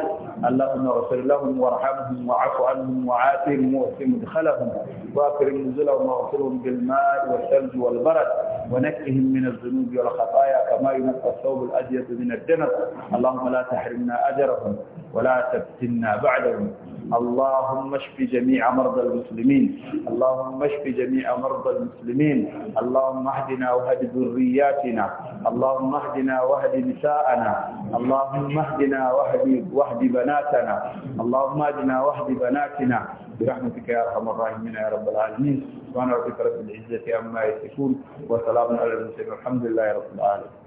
Speaker 1: اللهم اغفر لهم وارحمهم وعفو عنهم وعافهم وفي مدخلهم واكرم نزلهم واغسلهم بالماء والثلج والبرد ونكهم من الذنوب والخطايا كما ينقى الثوب الابيض من الدنس اللهم لا تحرمنا اجرهم ولا تفتنا بعدهم اللهم اشف جميع مرضى المسلمين اللهم اشف جميع مرضى المسلمين اللهم اهدنا واهد ذرياتنا اللهم اهدنا واهد نساءنا اللهم اهدنا واهد واهد بناتنا اللهم اهدنا واهد بناتنا برحمتك يا ارحم الراحمين يا رب العالمين
Speaker 2: سبحان ربك رب العزه عما يصفون وسلام على المرسلين الحمد لله رب العالمين